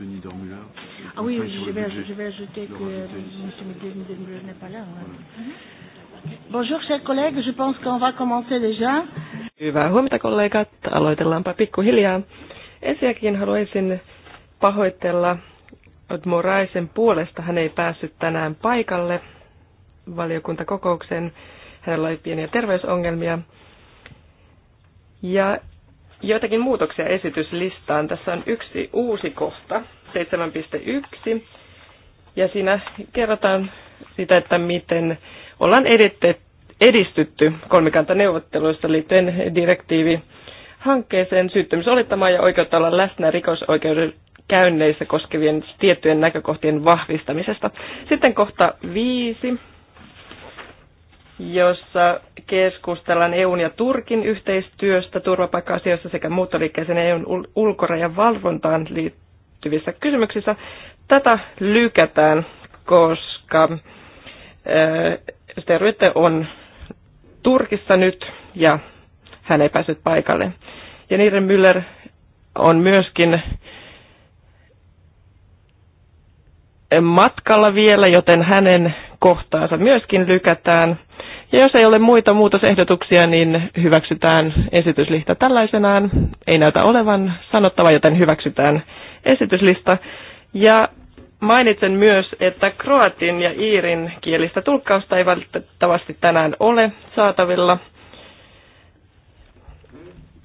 M. Niedermüller. Ah oui, je vais, je vais ajouter que M. Niedermüller n'est pas là. Ouais. Voilà. Bonjour, chers collègues, je pense qu'on va commencer déjà. Hyvää huomenta, kollegat. Aloitellaanpa pikkuhiljaa. Ensinnäkin haluaisin pahoitella Od Moraisen puolesta. Hän ei päässyt tänään paikalle valiokuntakokoukseen. Hänellä oli pieniä terveysongelmia. Ja joitakin muutoksia esityslistaan. Tässä on yksi uusi kohta, 7.1, ja siinä kerrotaan sitä, että miten ollaan edetty, edistytty kolmikantaneuvotteluista liittyen direktiivi hankkeeseen syyttämisolettamaan ja oikeutta olla läsnä rikosoikeuden käynneissä koskevien tiettyjen näkökohtien vahvistamisesta. Sitten kohta viisi jossa keskustellaan EUn ja Turkin yhteistyöstä turvapaikka-asioissa sekä muuttoliikkeeseen EUn ulkorajan valvontaan liittyvissä kysymyksissä. Tätä lykätään, koska äh, Stervette on Turkissa nyt ja hän ei päässyt paikalle. Ja Niiden Müller on myöskin äh, matkalla vielä, joten hänen kohtaansa myöskin lykätään. Ja jos ei ole muita muutosehdotuksia, niin hyväksytään esityslista tällaisenaan. Ei näytä olevan sanottava, joten hyväksytään esityslista. Ja mainitsen myös, että kroatin ja iirin kielistä tulkkausta ei valitettavasti tänään ole saatavilla.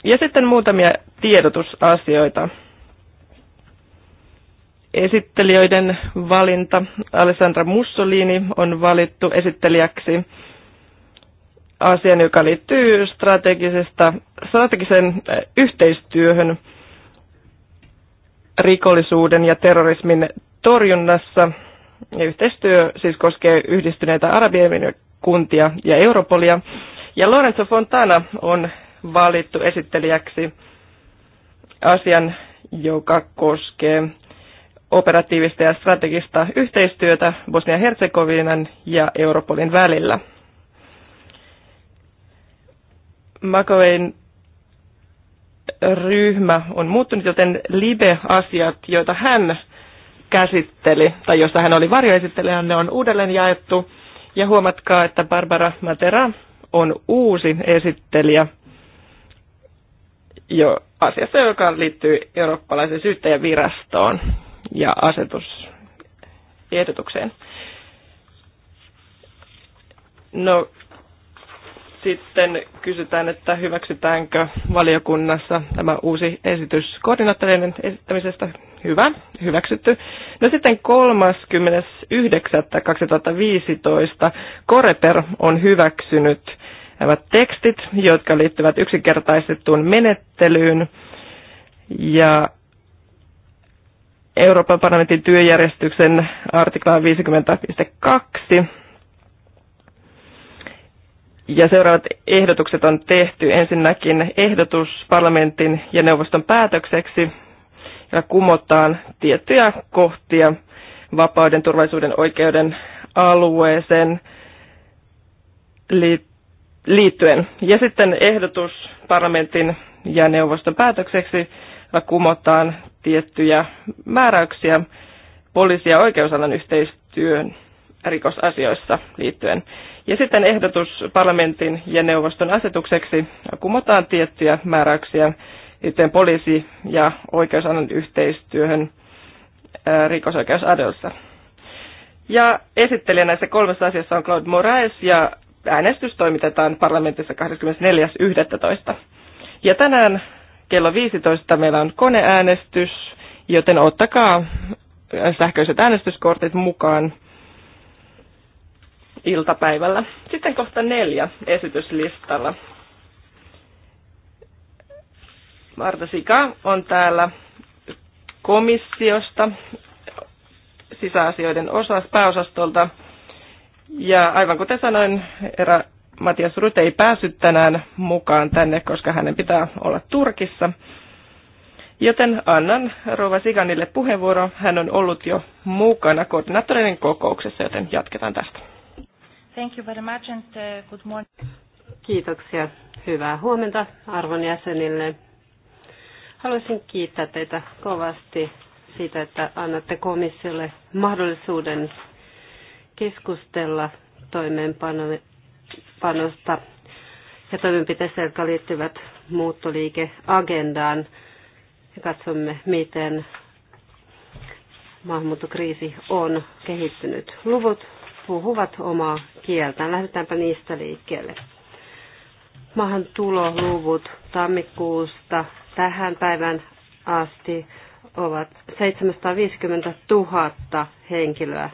Ja sitten muutamia tiedotusasioita esittelijöiden valinta. Alessandra Mussolini on valittu esittelijäksi asian, joka liittyy strategisesta, strategiseen eh, yhteistyöhön rikollisuuden ja terrorismin torjunnassa. Ja yhteistyö siis koskee yhdistyneitä arabien kuntia ja Europolia. Ja Lorenzo Fontana on valittu esittelijäksi asian, joka koskee operatiivista ja strategista yhteistyötä Bosnia-Herzegovinan ja Europolin välillä. Makovein ryhmä on muuttunut, joten LIBE-asiat, joita hän käsitteli, tai joista hän oli varjoesittelijä, ne on uudelleen jaettu. Ja huomatkaa, että Barbara Matera on uusi esittelijä jo asiassa, joka liittyy eurooppalaisen syyttäjävirastoon ja asetusehdotukseen. No, sitten kysytään, että hyväksytäänkö valiokunnassa tämä uusi esitys koordinaattoreiden esittämisestä. Hyvä, hyväksytty. No sitten 30.9.2015 Koreper on hyväksynyt nämä tekstit, jotka liittyvät yksinkertaistettuun menettelyyn. Ja Euroopan parlamentin työjärjestyksen artikla 50.2. Ja seuraavat ehdotukset on tehty. Ensinnäkin ehdotus parlamentin ja neuvoston päätökseksi, ja kumotaan tiettyjä kohtia vapauden, turvallisuuden, oikeuden alueeseen liittyen. Ja sitten ehdotus parlamentin ja neuvoston päätökseksi, ja kumotaan tiettyjä määräyksiä poliisi- ja oikeusalan yhteistyön rikosasioissa liittyen. Ja sitten ehdotus parlamentin ja neuvoston asetukseksi kumotaan tiettyjä määräyksiä liittyen poliisi- ja oikeusalan yhteistyöhön rikosoikeusadoissa. Ja esittelijä näissä kolmessa asiassa on Claude Moraes ja äänestys toimitetaan parlamentissa 24.11. Ja tänään kello 15 meillä on koneäänestys, joten ottakaa sähköiset äänestyskortit mukaan iltapäivällä. Sitten kohta neljä esityslistalla. Marta Sika on täällä komissiosta, sisäasioiden osas, pääosastolta. Ja aivan kuten sanoin, herra Matias Rut ei päässyt tänään mukaan tänne, koska hänen pitää olla Turkissa. Joten annan Rova Siganille puheenvuoro. Hän on ollut jo mukana koordinaattoreiden kokouksessa, joten jatketaan tästä. Thank you very much and uh, good morning. Kiitoksia. Hyvää huomenta arvon jäsenille. Haluaisin kiittää teitä kovasti siitä, että annatte komissiolle mahdollisuuden keskustella toimeenpanon toimeenpanosta ja toimenpiteistä, jotka liittyvät muuttoliikeagendaan. Ja katsomme, miten maahanmuuttokriisi on kehittynyt. Luvut puhuvat omaa kieltään. Lähdetäänpä niistä liikkeelle. Maahantuloluvut tammikuusta tähän päivän asti ovat 750 000 henkilöä.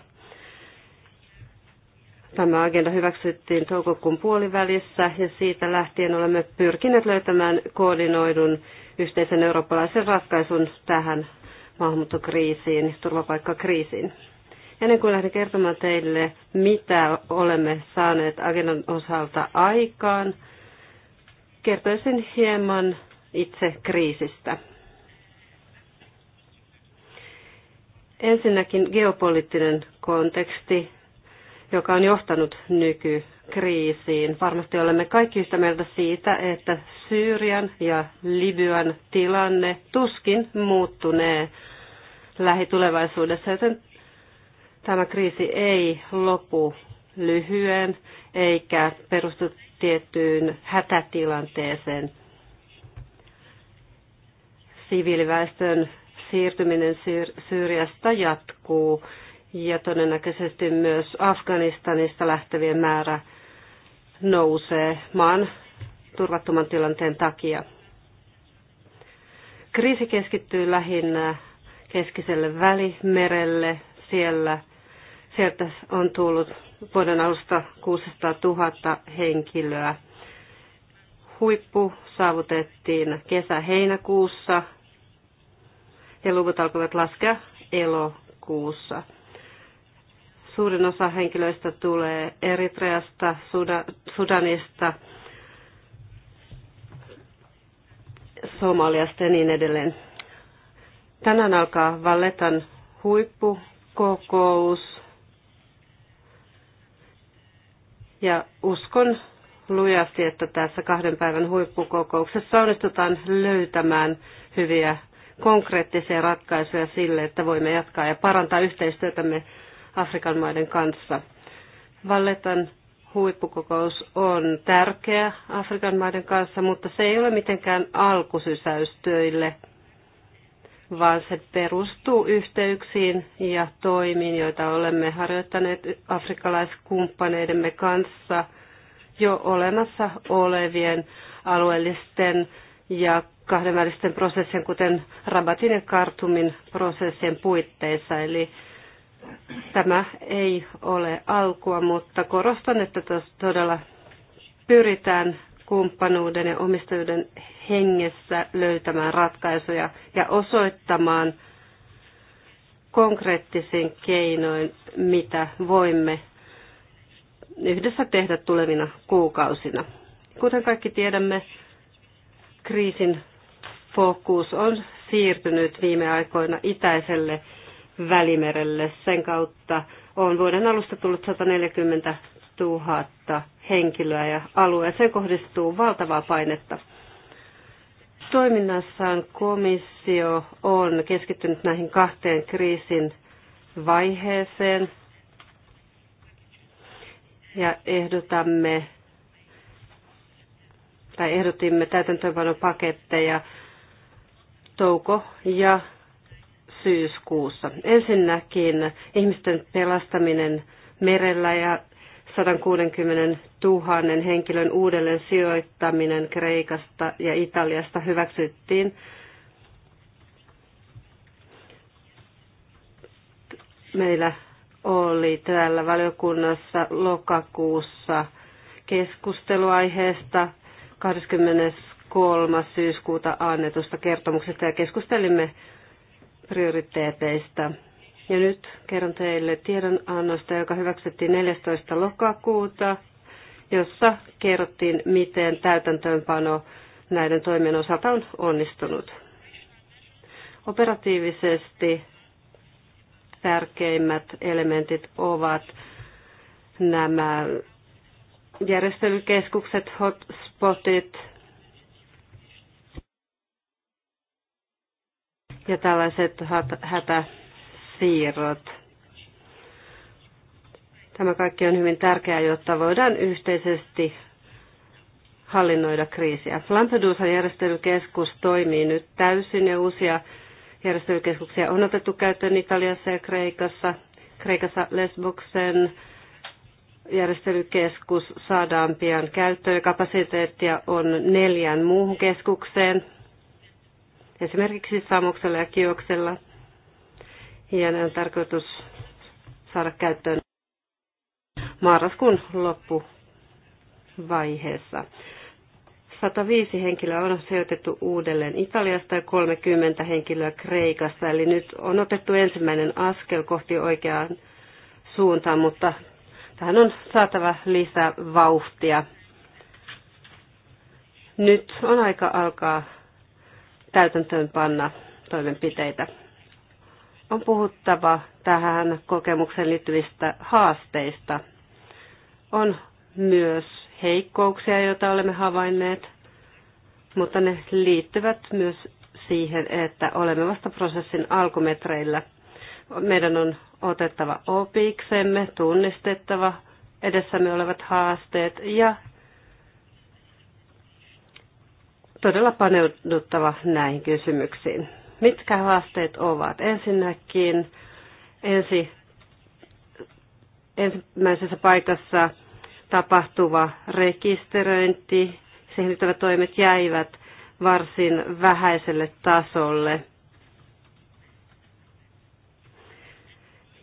Tämä agenda hyväksyttiin toukokuun puolivälissä ja siitä lähtien olemme pyrkineet löytämään koordinoidun yhteisen eurooppalaisen ratkaisun tähän maahanmuuttokriisiin, turvapaikkakriisiin. Ennen kuin lähden kertomaan teille, mitä olemme saaneet agendan osalta aikaan, kertoisin hieman itse kriisistä. Ensinnäkin geopoliittinen konteksti joka on johtanut nykykriisiin. Varmasti olemme kaikki yhtä mieltä siitä, että Syyrian ja Libyan tilanne tuskin muuttunee lähitulevaisuudessa, joten tämä kriisi ei lopu lyhyen eikä perustu tiettyyn hätätilanteeseen. Siviiliväestön siirtyminen Syyriasta jatkuu ja todennäköisesti myös Afganistanista lähtevien määrä nousee maan turvattoman tilanteen takia. Kriisi keskittyy lähinnä keskiselle välimerelle. Siellä, sieltä on tullut vuoden alusta 600 000 henkilöä. Huippu saavutettiin kesä-heinäkuussa ja luvut alkoivat laskea elokuussa. Suurin osa henkilöistä tulee Eritreasta, Sudanista, Somaliasta ja niin edelleen. Tänään alkaa Valletan huippukokous. Ja uskon lujasti, että tässä kahden päivän huippukokouksessa onnistutaan löytämään hyviä konkreettisia ratkaisuja sille, että voimme jatkaa ja parantaa yhteistyötämme Afrikan maiden kanssa. Valletan huippukokous on tärkeä Afrikan maiden kanssa, mutta se ei ole mitenkään alkusysäystöille, vaan se perustuu yhteyksiin ja toimiin, joita olemme harjoittaneet afrikkalaiskumppaneidemme kanssa jo olemassa olevien alueellisten ja kahdenvälisten prosessien, kuten Rabatin ja Kartumin prosessien puitteissa. Eli Tämä ei ole alkua, mutta korostan, että tässä todella pyritään kumppanuuden ja omistajuuden hengessä löytämään ratkaisuja ja osoittamaan konkreettisin keinoin, mitä voimme yhdessä tehdä tulevina kuukausina. Kuten kaikki tiedämme, kriisin fokus on siirtynyt viime aikoina itäiselle Välimerelle. Sen kautta on vuoden alusta tullut 140 000 henkilöä ja alueeseen kohdistuu valtavaa painetta. Toiminnassaan komissio on keskittynyt näihin kahteen kriisin vaiheeseen ja ehdotamme tai ehdotimme täytäntöönpanopaketteja touko- ja syyskuussa. Ensinnäkin ihmisten pelastaminen merellä ja 160 000 henkilön uudelleen sijoittaminen Kreikasta ja Italiasta hyväksyttiin. Meillä oli täällä valiokunnassa lokakuussa keskusteluaiheesta 23. syyskuuta annetusta kertomuksesta ja keskustelimme prioriteeteista. Ja nyt kerron teille tiedonannosta, joka hyväksyttiin 14. lokakuuta, jossa kerrottiin, miten täytäntöönpano näiden toimien osalta on onnistunut. Operatiivisesti tärkeimmät elementit ovat nämä järjestelykeskukset, hotspotit, ja tällaiset hätäsiirrot. Tämä kaikki on hyvin tärkeää, jotta voidaan yhteisesti hallinnoida kriisiä. Lampedusan järjestelykeskus toimii nyt täysin ja uusia järjestelykeskuksia on otettu käyttöön Italiassa ja Kreikassa. Kreikassa Lesboksen järjestelykeskus saadaan pian käyttöön. Kapasiteettia on neljään muuhun keskukseen esimerkiksi Samuksella ja Kioksella. Ja ne on tarkoitus saada käyttöön marraskuun loppuvaiheessa. 105 henkilöä on sijoitettu uudelleen Italiasta ja 30 henkilöä Kreikasta. Eli nyt on otettu ensimmäinen askel kohti oikeaan suuntaan, mutta tähän on saatava lisää vauhtia. Nyt on aika alkaa täytäntöönpanna toimenpiteitä. On puhuttava tähän kokemukseen liittyvistä haasteista. On myös heikkouksia, joita olemme havainneet, mutta ne liittyvät myös siihen, että olemme vasta prosessin alkumetreillä. Meidän on otettava opiksemme, tunnistettava edessämme olevat haasteet ja todella paneuduttava näihin kysymyksiin. Mitkä haasteet ovat? Ensinnäkin ensi, ensimmäisessä paikassa tapahtuva rekisteröinti, siihen liittyvät toimet jäivät varsin vähäiselle tasolle.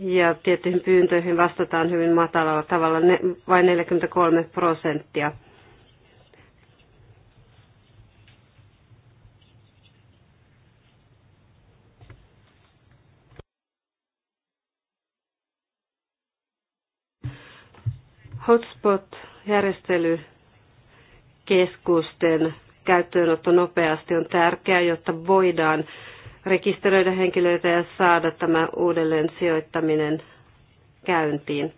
Ja tiettyihin pyyntöihin vastataan hyvin matalalla tavalla, vain 43 prosenttia Hotspot-järjestelykeskusten käyttöönotto nopeasti on tärkeää, jotta voidaan rekisteröidä henkilöitä ja saada tämä uudelleen sijoittaminen käyntiin.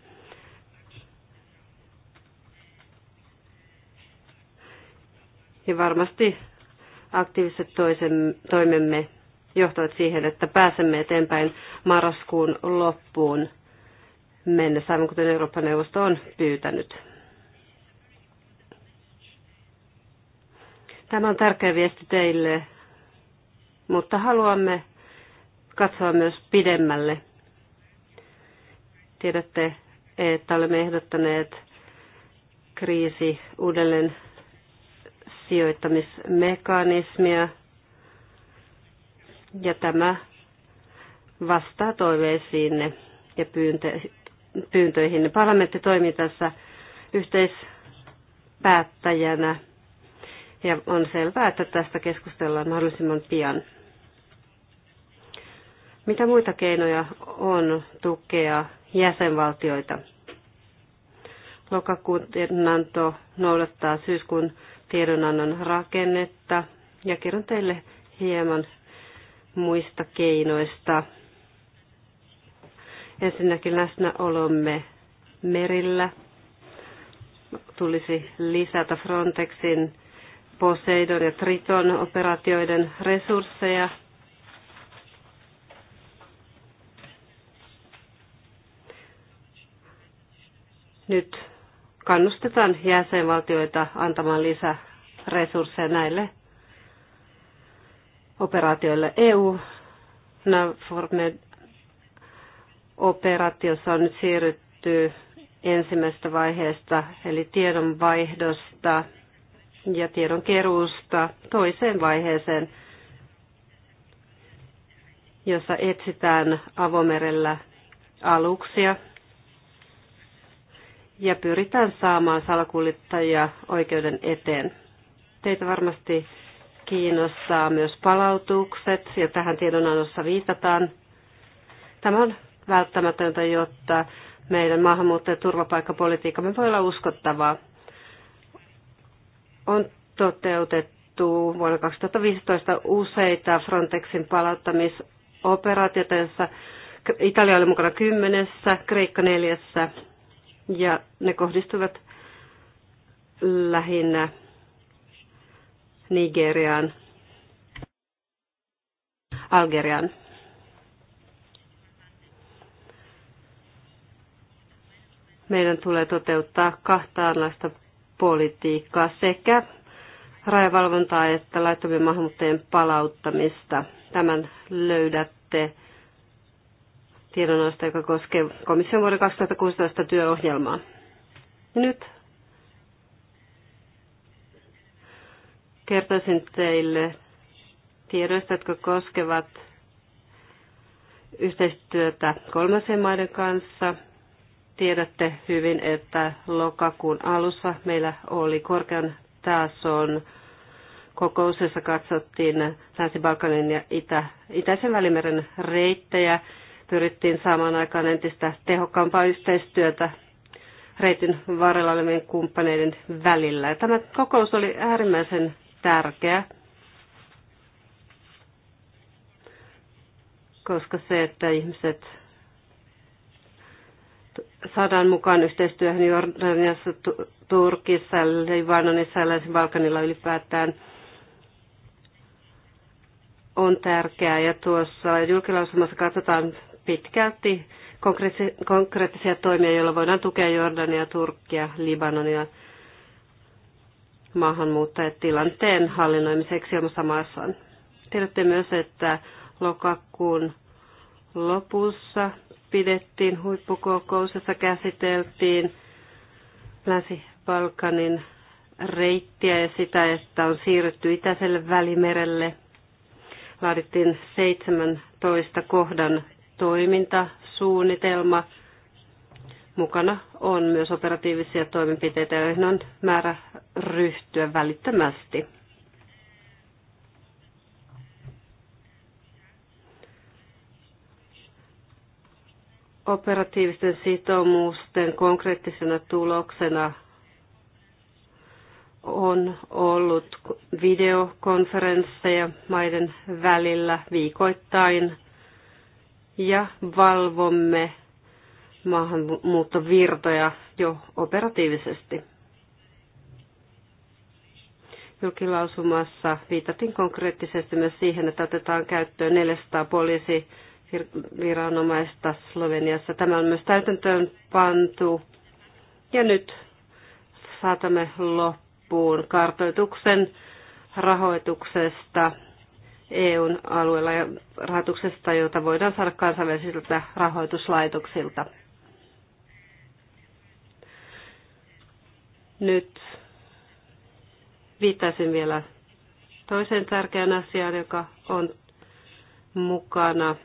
Ja varmasti aktiiviset toisen, toimemme johtavat siihen, että pääsemme eteenpäin marraskuun loppuun mennessä, aivan kuten Euroopan neuvosto on pyytänyt. Tämä on tärkeä viesti teille, mutta haluamme katsoa myös pidemmälle. Tiedätte, että olemme ehdottaneet kriisi uudelleen sijoittamismekanismia. Ja tämä vastaa toiveisiinne ja pyyntöihin. Parlamentti toimii tässä yhteispäättäjänä ja on selvää, että tästä keskustellaan mahdollisimman pian. Mitä muita keinoja on tukea jäsenvaltioita? Lokakuun tiedonanto noudattaa syyskuun tiedonannon rakennetta ja kerron teille hieman muista keinoista, Ensinnäkin läsnäolomme merillä tulisi lisätä Frontexin Poseidon ja Triton operaatioiden resursseja. Nyt kannustetaan jäsenvaltioita antamaan lisäresursseja näille operaatioille. EU Nafor operaatiossa on nyt siirrytty ensimmäisestä vaiheesta, eli tiedonvaihdosta ja tiedon keruusta toiseen vaiheeseen, jossa etsitään avomerellä aluksia ja pyritään saamaan salakuljettajia oikeuden eteen. Teitä varmasti kiinnostaa myös palautukset ja tähän tiedonannossa viitataan. Tämä on välttämätöntä, jotta meidän maahanmuutto- ja turvapaikkapolitiikkamme voi olla uskottavaa. On toteutettu vuonna 2015 useita Frontexin palauttamisoperaatioita, joissa Italia oli mukana kymmenessä, Kreikka neljässä ja ne kohdistuvat lähinnä Nigeriaan, Algeriaan. Meidän tulee toteuttaa kahtaanlaista politiikkaa sekä rajavalvontaa että laittomien maahanmuuttajien palauttamista. Tämän löydätte tiedonannosta, joka koskee komission vuoden 2016 työohjelmaa. Ja nyt kertoisin teille tiedoista, jotka koskevat yhteistyötä kolmansien maiden kanssa – Tiedätte hyvin, että lokakuun alussa meillä oli korkean tason kokous, jossa katsottiin Länsi-Balkanin ja Itä, Itäisen välimeren reittejä. Pyrittiin saamaan aikaan entistä tehokkaampaa yhteistyötä reitin varrella olevien kumppaneiden välillä. Ja tämä kokous oli äärimmäisen tärkeä, koska se, että ihmiset saadaan mukaan yhteistyöhön Jordaniassa, Turkissa, Libanonissa ja Länsi-Balkanilla ylipäätään on tärkeää. Ja tuossa julkilausumassa katsotaan pitkälti konkreettisia toimia, joilla voidaan tukea Jordania, Turkkia, Libanonia maahanmuuttajatilanteen hallinnoimiseksi ilmassa maassaan. Tiedätte myös, että lokakuun lopussa pidettiin huippukokous, jossa käsiteltiin Länsi-Balkanin reittiä ja sitä, että on siirrytty Itäiselle välimerelle. Laadittiin 17 kohdan toimintasuunnitelma. Mukana on myös operatiivisia toimenpiteitä, joihin on määrä ryhtyä välittömästi. Operatiivisten sitoumusten konkreettisena tuloksena on ollut videokonferensseja maiden välillä viikoittain ja valvomme maahanmuuttovirtoja jo operatiivisesti. Julkilausumassa viitatin konkreettisesti myös siihen, että otetaan käyttöön 400 poliisi viranomaista Sloveniassa. Tämä on myös täytäntöön pantu. Ja nyt saatamme loppuun kartoituksen rahoituksesta EUn alueella ja rahoituksesta, jota voidaan saada kansainvälisiltä rahoituslaitoksilta. Nyt viittaisin vielä toiseen tärkeään asiaan, joka on mukana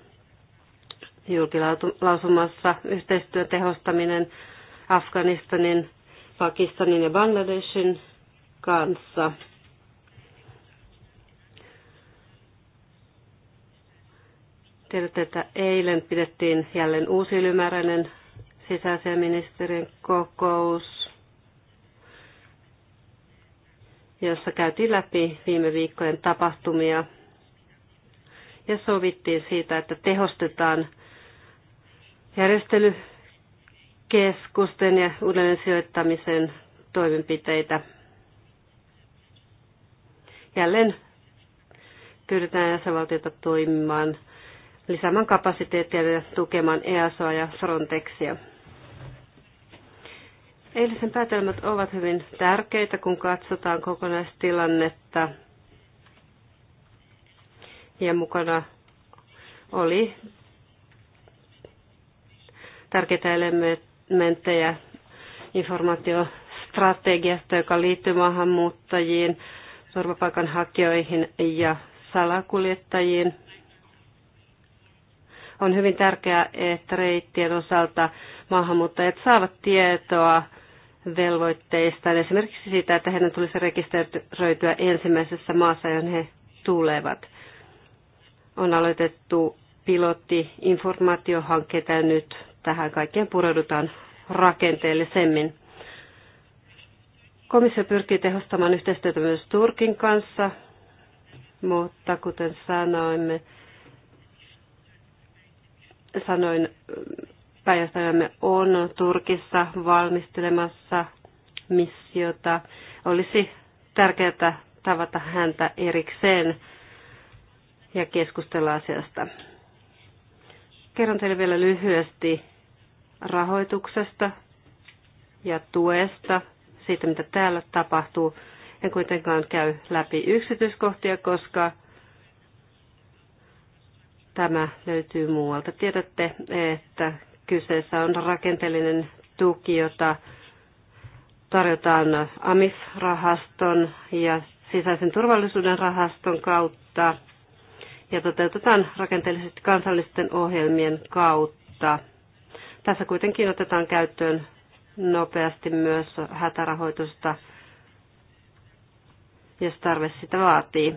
julkilausumassa yhteistyön tehostaminen Afganistanin, Pakistanin ja Bangladeshin kanssa. Tiedätte, että eilen pidettiin jälleen uusi ylimääräinen sisäasiaministerin kokous, jossa käytiin läpi viime viikkojen tapahtumia ja sovittiin siitä, että tehostetaan järjestelykeskusten ja uudelleen sijoittamisen toimenpiteitä. Jälleen pyydetään jäsenvaltiota toimimaan, lisäämään kapasiteettia ja tukemaan EASOa ja Frontexia. Eilisen päätelmät ovat hyvin tärkeitä, kun katsotaan kokonaistilannetta. Ja mukana oli tärkeitä elementtejä informaatiostrategiasta, joka liittyy maahanmuuttajiin, turvapaikanhakijoihin ja salakuljettajiin. On hyvin tärkeää, että reittien osalta maahanmuuttajat saavat tietoa velvoitteistaan, esimerkiksi siitä, että heidän tulisi rekisteröityä ensimmäisessä maassa, johon he tulevat. On aloitettu pilotti informaatiohankkeita ja nyt tähän kaikkeen pureudutaan rakenteellisemmin. Komissio pyrkii tehostamaan yhteistyötä myös Turkin kanssa, mutta kuten sanoimme, sanoin, pääjohtajamme on Turkissa valmistelemassa missiota. Olisi tärkeää tavata häntä erikseen ja keskustella asiasta. Kerron teille vielä lyhyesti rahoituksesta ja tuesta, siitä mitä täällä tapahtuu. En kuitenkaan käy läpi yksityiskohtia, koska tämä löytyy muualta. Tiedätte, että kyseessä on rakenteellinen tuki, jota tarjotaan AMIF-rahaston ja sisäisen turvallisuuden rahaston kautta ja toteutetaan rakenteellisesti kansallisten ohjelmien kautta. Tässä kuitenkin otetaan käyttöön nopeasti myös hätärahoitusta, jos tarve sitä vaatii.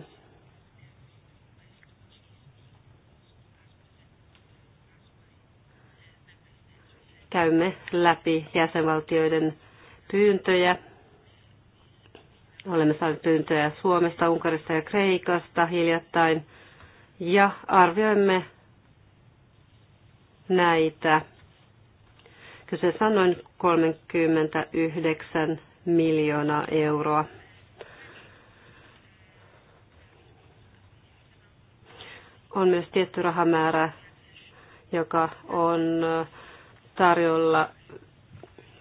Käymme läpi jäsenvaltioiden pyyntöjä. Olemme saaneet pyyntöjä Suomesta, Unkarista ja Kreikasta hiljattain – ja arvioimme näitä. Kyseessä on noin 39 miljoonaa euroa. On myös tietty rahamäärä, joka on tarjolla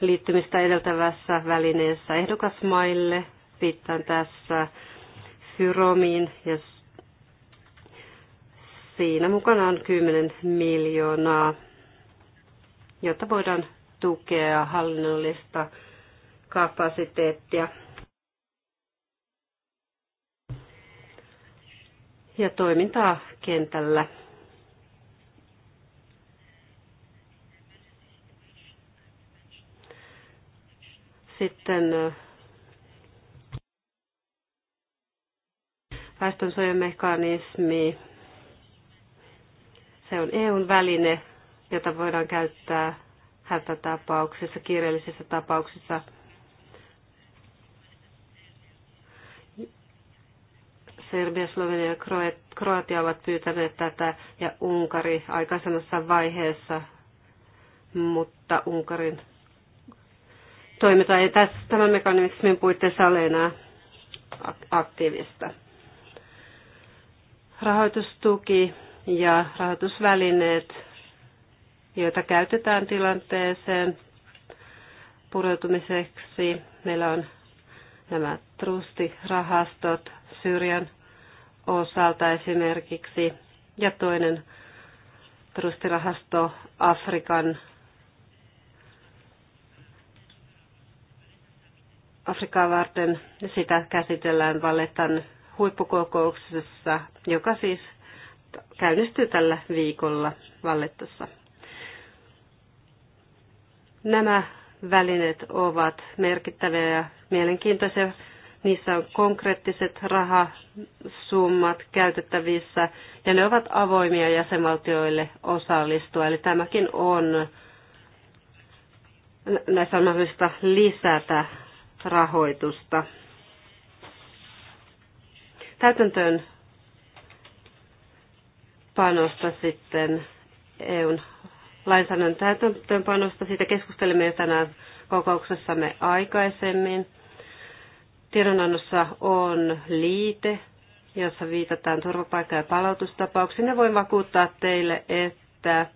liittymistä edeltävässä välineessä ehdokasmaille. Viittaan tässä Fyromiin ja Siinä mukana on 10 miljoonaa, jotta voidaan tukea hallinnollista kapasiteettia. ja toimintaa kentällä. Sitten väestönsuojamekanismi se on EUn väline, jota voidaan käyttää hätätapauksissa, kiireellisissä tapauksissa. Serbia, Slovenia ja Kroatia ovat pyytäneet tätä ja Unkari aikaisemmassa vaiheessa, mutta Unkarin toiminta ei tässä tämän mekanismin puitteissa ole enää aktiivista. Rahoitustuki ja rahoitusvälineet, joita käytetään tilanteeseen pureutumiseksi. Meillä on nämä trustirahastot Syyrian osalta esimerkiksi ja toinen trustirahasto Afrikan Afrikaa varten. Sitä käsitellään Valletan huippukokouksessa, joka siis käynnistyy tällä viikolla Vallettassa. Nämä välineet ovat merkittäviä ja mielenkiintoisia. Niissä on konkreettiset rahasummat käytettävissä ja ne ovat avoimia jäsenvaltioille osallistua. Eli tämäkin on, näissä on mahdollista lisätä rahoitusta. Täytäntöön panosta sitten EUn lainsäädännön täytäntöönpanosta. Siitä keskustelimme jo tänään kokouksessamme aikaisemmin. Tiedonannossa on liite, jossa viitataan turvapaikka- ja palautustapauksiin. Ja voin vakuuttaa teille, että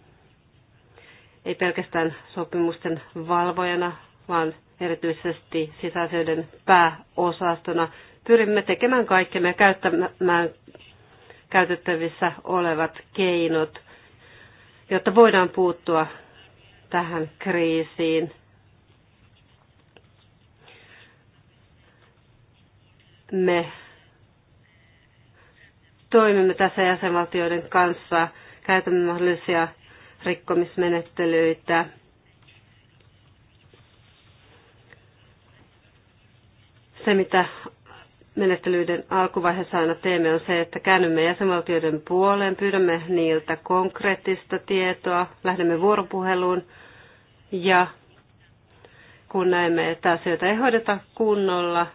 ei pelkästään sopimusten valvojana, vaan erityisesti sisäasioiden pääosastona pyrimme tekemään kaikkemme ja käyttämään käytettävissä olevat keinot, jotta voidaan puuttua tähän kriisiin. Me toimimme tässä jäsenvaltioiden kanssa, käytämme mahdollisia rikkomismenettelyitä. Se, mitä menettelyiden alkuvaiheessa aina teemme on se, että käännymme jäsenvaltioiden puoleen, pyydämme niiltä konkreettista tietoa, lähdemme vuoropuheluun ja kun näemme, että asioita ei hoideta kunnolla,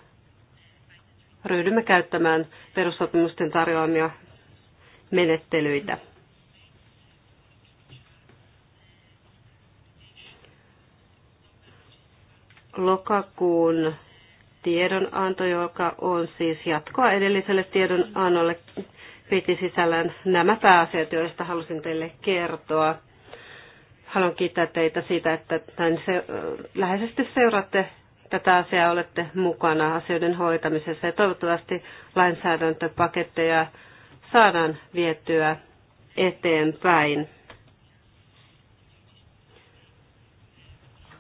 ryhdymme käyttämään perussopimusten tarjoamia menettelyitä. Lokakuun tiedonanto, joka on siis jatkoa edelliselle tiedonannolle, piti sisällään nämä pääasiat, joista halusin teille kertoa. Haluan kiittää teitä siitä, että näin se, läheisesti seuraatte tätä asiaa, olette mukana asioiden hoitamisessa ja toivottavasti lainsäädäntöpaketteja saadaan vietyä eteenpäin.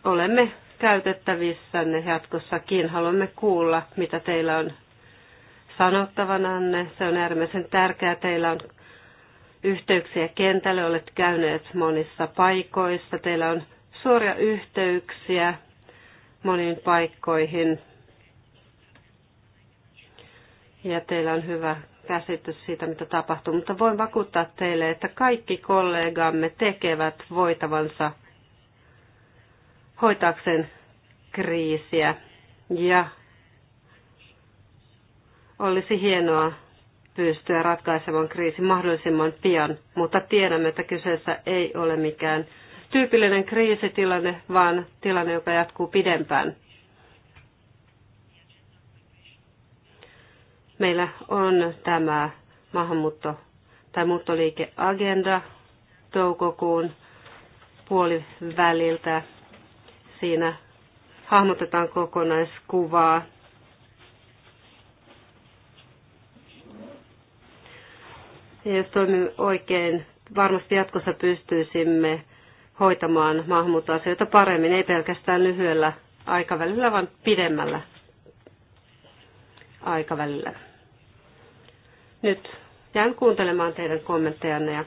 Olemme käytettävissänne jatkossakin. Haluamme kuulla, mitä teillä on sanottavananne. Se on äärimmäisen tärkeää. Teillä on yhteyksiä kentälle, olet käyneet monissa paikoissa. Teillä on suoria yhteyksiä moniin paikkoihin. Ja teillä on hyvä käsitys siitä, mitä tapahtuu. Mutta voin vakuuttaa teille, että kaikki kollegamme tekevät voitavansa hoitaakseen kriisiä. Ja olisi hienoa pystyä ratkaisemaan kriisi mahdollisimman pian, mutta tiedämme, että kyseessä ei ole mikään tyypillinen kriisitilanne, vaan tilanne, joka jatkuu pidempään. Meillä on tämä maahanmuutto- tai muuttoliikeagenda toukokuun puoliväliltä Siinä hahmotetaan kokonaiskuvaa. Ja jos toimimme oikein, varmasti jatkossa pystyisimme hoitamaan maahanmuuttoasioita paremmin, ei pelkästään lyhyellä aikavälillä, vaan pidemmällä aikavälillä. Nyt jään kuuntelemaan teidän kommenttejanne ja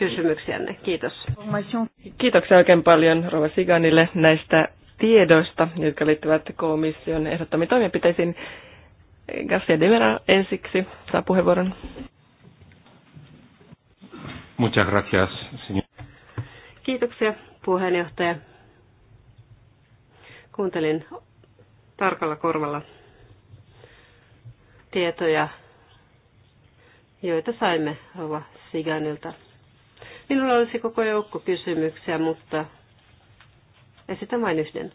kysymyksiänne. Kiitos. Kiitoksia oikein paljon Rova Siganille näistä tiedoista, jotka liittyvät komission ehdottomiin toimenpiteisiin. Garcia de Vera ensiksi saa puheenvuoron. Muchas gracias, señor. Kiitoksia puheenjohtaja. Kuuntelin tarkalla korvalla tietoja, joita saimme Rova Siganilta. Minulla olisi koko joukko kysymyksiä, mutta esitän vain yhden.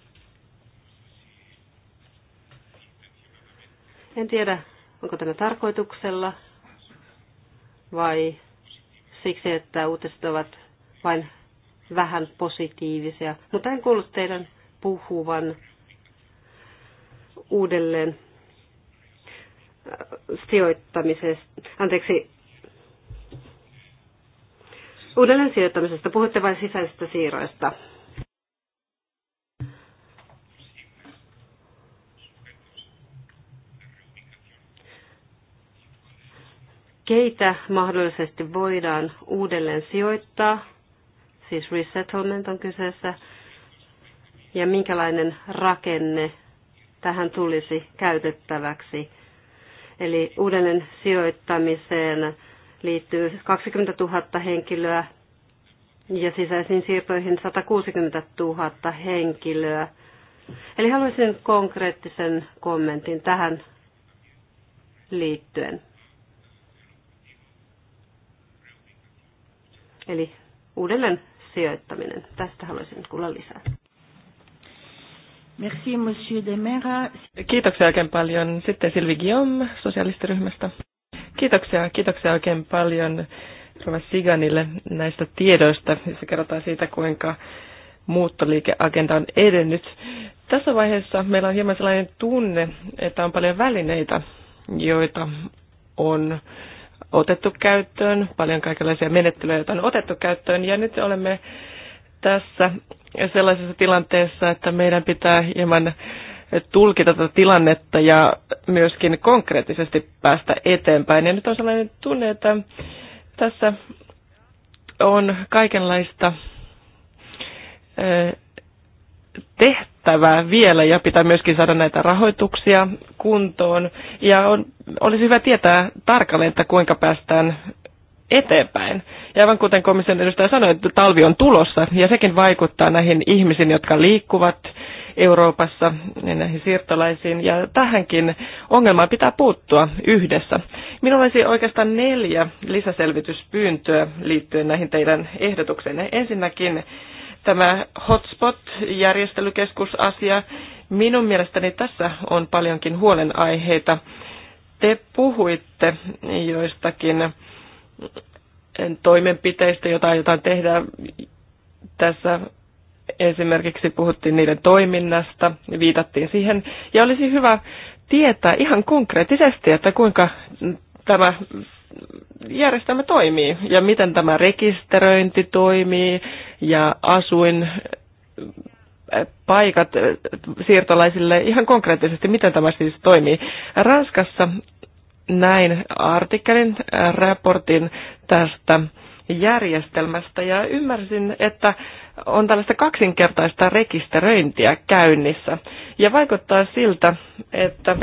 En tiedä, onko tämä tarkoituksella vai siksi, että uutiset ovat vain vähän positiivisia. Mutta en kuullut teidän puhuvan uudelleen sijoittamisesta, anteeksi, Uudelleen sijoittamisesta puhutte vain sisäisistä siirroista. Keitä mahdollisesti voidaan uudelleen sijoittaa, siis resettlement on kyseessä, ja minkälainen rakenne tähän tulisi käytettäväksi. Eli uudelleen sijoittamiseen liittyy 20 000 henkilöä ja sisäisiin siirtoihin 160 000 henkilöä. Eli haluaisin konkreettisen kommentin tähän liittyen. Eli uudelleen sijoittaminen. Tästä haluaisin kuulla lisää. Merci, Monsieur Demera. Kiitoksia oikein paljon. Sitten Silvi Guillaume ryhmästä. Kiitoksia, kiitoksia oikein paljon Rova Siganille näistä tiedoista, jossa kerrotaan siitä, kuinka muuttoliikeagenda on edennyt. Tässä vaiheessa meillä on hieman sellainen tunne, että on paljon välineitä, joita on otettu käyttöön, paljon kaikenlaisia menettelyjä, joita on otettu käyttöön, ja nyt olemme tässä sellaisessa tilanteessa, että meidän pitää hieman tulkita tätä tilannetta ja myöskin konkreettisesti päästä eteenpäin. Ja nyt on sellainen tunne, että tässä on kaikenlaista tehtävää vielä ja pitää myöskin saada näitä rahoituksia kuntoon. Ja on, olisi hyvä tietää tarkalleen, että kuinka päästään eteenpäin. Ja aivan kuten komission edustaja sanoi, että talvi on tulossa ja sekin vaikuttaa näihin ihmisiin, jotka liikkuvat Euroopassa niin näihin siirtolaisiin. Ja tähänkin ongelmaan pitää puuttua yhdessä. Minulla olisi oikeastaan neljä lisäselvityspyyntöä liittyen näihin teidän ehdotuksenne. Ensinnäkin tämä hotspot-järjestelykeskusasia. Minun mielestäni tässä on paljonkin huolenaiheita. Te puhuitte joistakin toimenpiteistä, jota jotain tehdä tässä Esimerkiksi puhuttiin niiden toiminnasta, niin viitattiin siihen. Ja olisi hyvä tietää ihan konkreettisesti, että kuinka tämä järjestelmä toimii ja miten tämä rekisteröinti toimii ja asuin paikat siirtolaisille ihan konkreettisesti, miten tämä siis toimii. Ranskassa näin artikkelin, raportin tästä järjestelmästä ja ymmärsin, että on tällaista kaksinkertaista rekisteröintiä käynnissä. Ja vaikuttaa siltä, että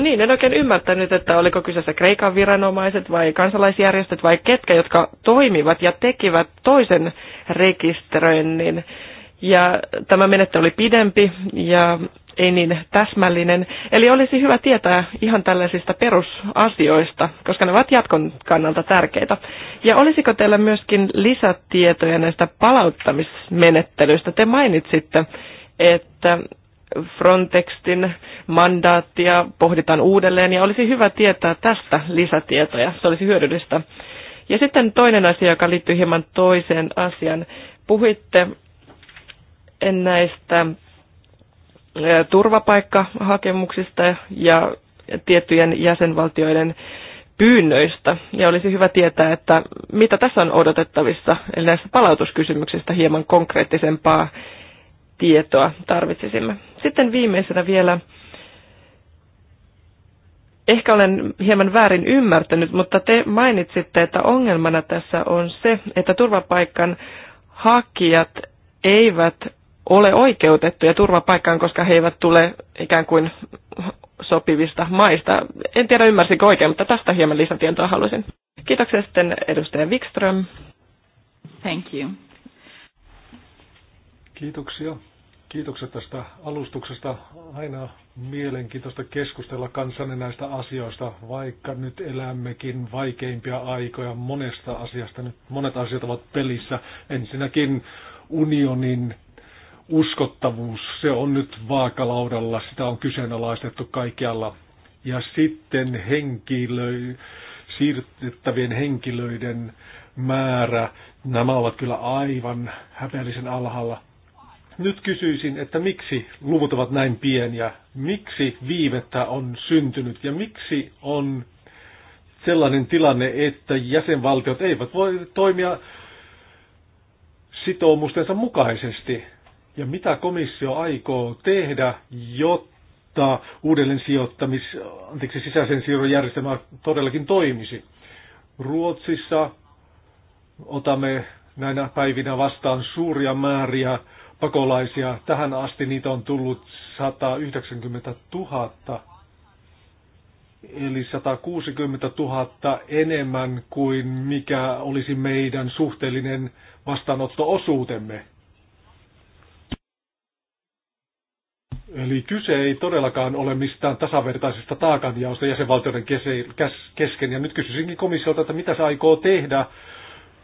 niin, en oikein ymmärtänyt, että oliko kyseessä Kreikan viranomaiset vai kansalaisjärjestöt vai ketkä, jotka toimivat ja tekivät toisen rekisteröinnin. Ja tämä menettely oli pidempi ja ei niin täsmällinen. Eli olisi hyvä tietää ihan tällaisista perusasioista, koska ne ovat jatkon kannalta tärkeitä. Ja olisiko teillä myöskin lisätietoja näistä palauttamismenettelyistä? Te mainitsitte, että Frontextin mandaattia pohditaan uudelleen ja olisi hyvä tietää tästä lisätietoja. Se olisi hyödyllistä. Ja sitten toinen asia, joka liittyy hieman toiseen asiaan. Puhuitte näistä turvapaikkahakemuksista ja tiettyjen jäsenvaltioiden pyynnöistä. Ja olisi hyvä tietää, että mitä tässä on odotettavissa, eli näistä palautuskysymyksistä hieman konkreettisempaa tietoa tarvitsisimme. Sitten viimeisenä vielä, ehkä olen hieman väärin ymmärtänyt, mutta te mainitsitte, että ongelmana tässä on se, että turvapaikan hakijat eivät ole oikeutettuja turvapaikkaan, koska he eivät tule ikään kuin sopivista maista. En tiedä ymmärsikö oikein, mutta tästä hieman lisätietoa haluaisin. Kiitoksia sitten edustaja Wikström. Thank you. Kiitoksia. Kiitokset tästä alustuksesta. Aina mielenkiintoista keskustella kanssanne näistä asioista, vaikka nyt elämmekin vaikeimpia aikoja monesta asiasta. Nyt monet asiat ovat pelissä. Ensinnäkin unionin uskottavuus, se on nyt vaakalaudalla, sitä on kyseenalaistettu kaikkialla. Ja sitten henkilö, siirrettävien henkilöiden määrä, nämä ovat kyllä aivan häpeällisen alhaalla. Nyt kysyisin, että miksi luvut ovat näin pieniä, miksi viivettä on syntynyt ja miksi on sellainen tilanne, että jäsenvaltiot eivät voi toimia sitoumustensa mukaisesti. Ja mitä komissio aikoo tehdä, jotta uudelleen sijoittamis, anteeksi, sisäisen siirron järjestelmä todellakin toimisi? Ruotsissa otamme näinä päivinä vastaan suuria määriä pakolaisia. Tähän asti niitä on tullut 190 000, eli 160 000 enemmän kuin mikä olisi meidän suhteellinen vastaanotto-osuutemme. Eli kyse ei todellakaan ole mistään tasavertaisesta taakanjaosta jäsenvaltioiden kesken. Ja nyt kysyisinkin komissiolta, että mitä se aikoo tehdä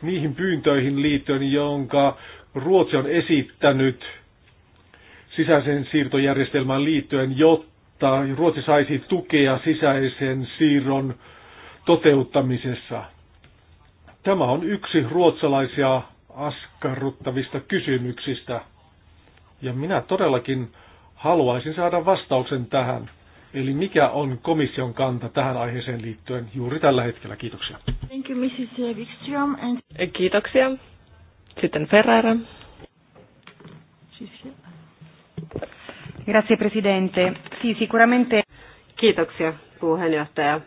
niihin pyyntöihin liittyen, jonka Ruotsi on esittänyt sisäisen siirtojärjestelmään liittyen, jotta Ruotsi saisi tukea sisäisen siirron toteuttamisessa. Tämä on yksi ruotsalaisia askarruttavista kysymyksistä. Ja minä todellakin Haluaisin saada vastauksen tähän. Eli mikä on komission kanta tähän aiheeseen liittyen juuri tällä hetkellä? Kiitoksia. Thank you, Mrs. Wikström. And... Kiitoksia. Sitten Ferrara. Grazie Presidente. Sì, sicuramente... Kiitoksia puheenjohtaja.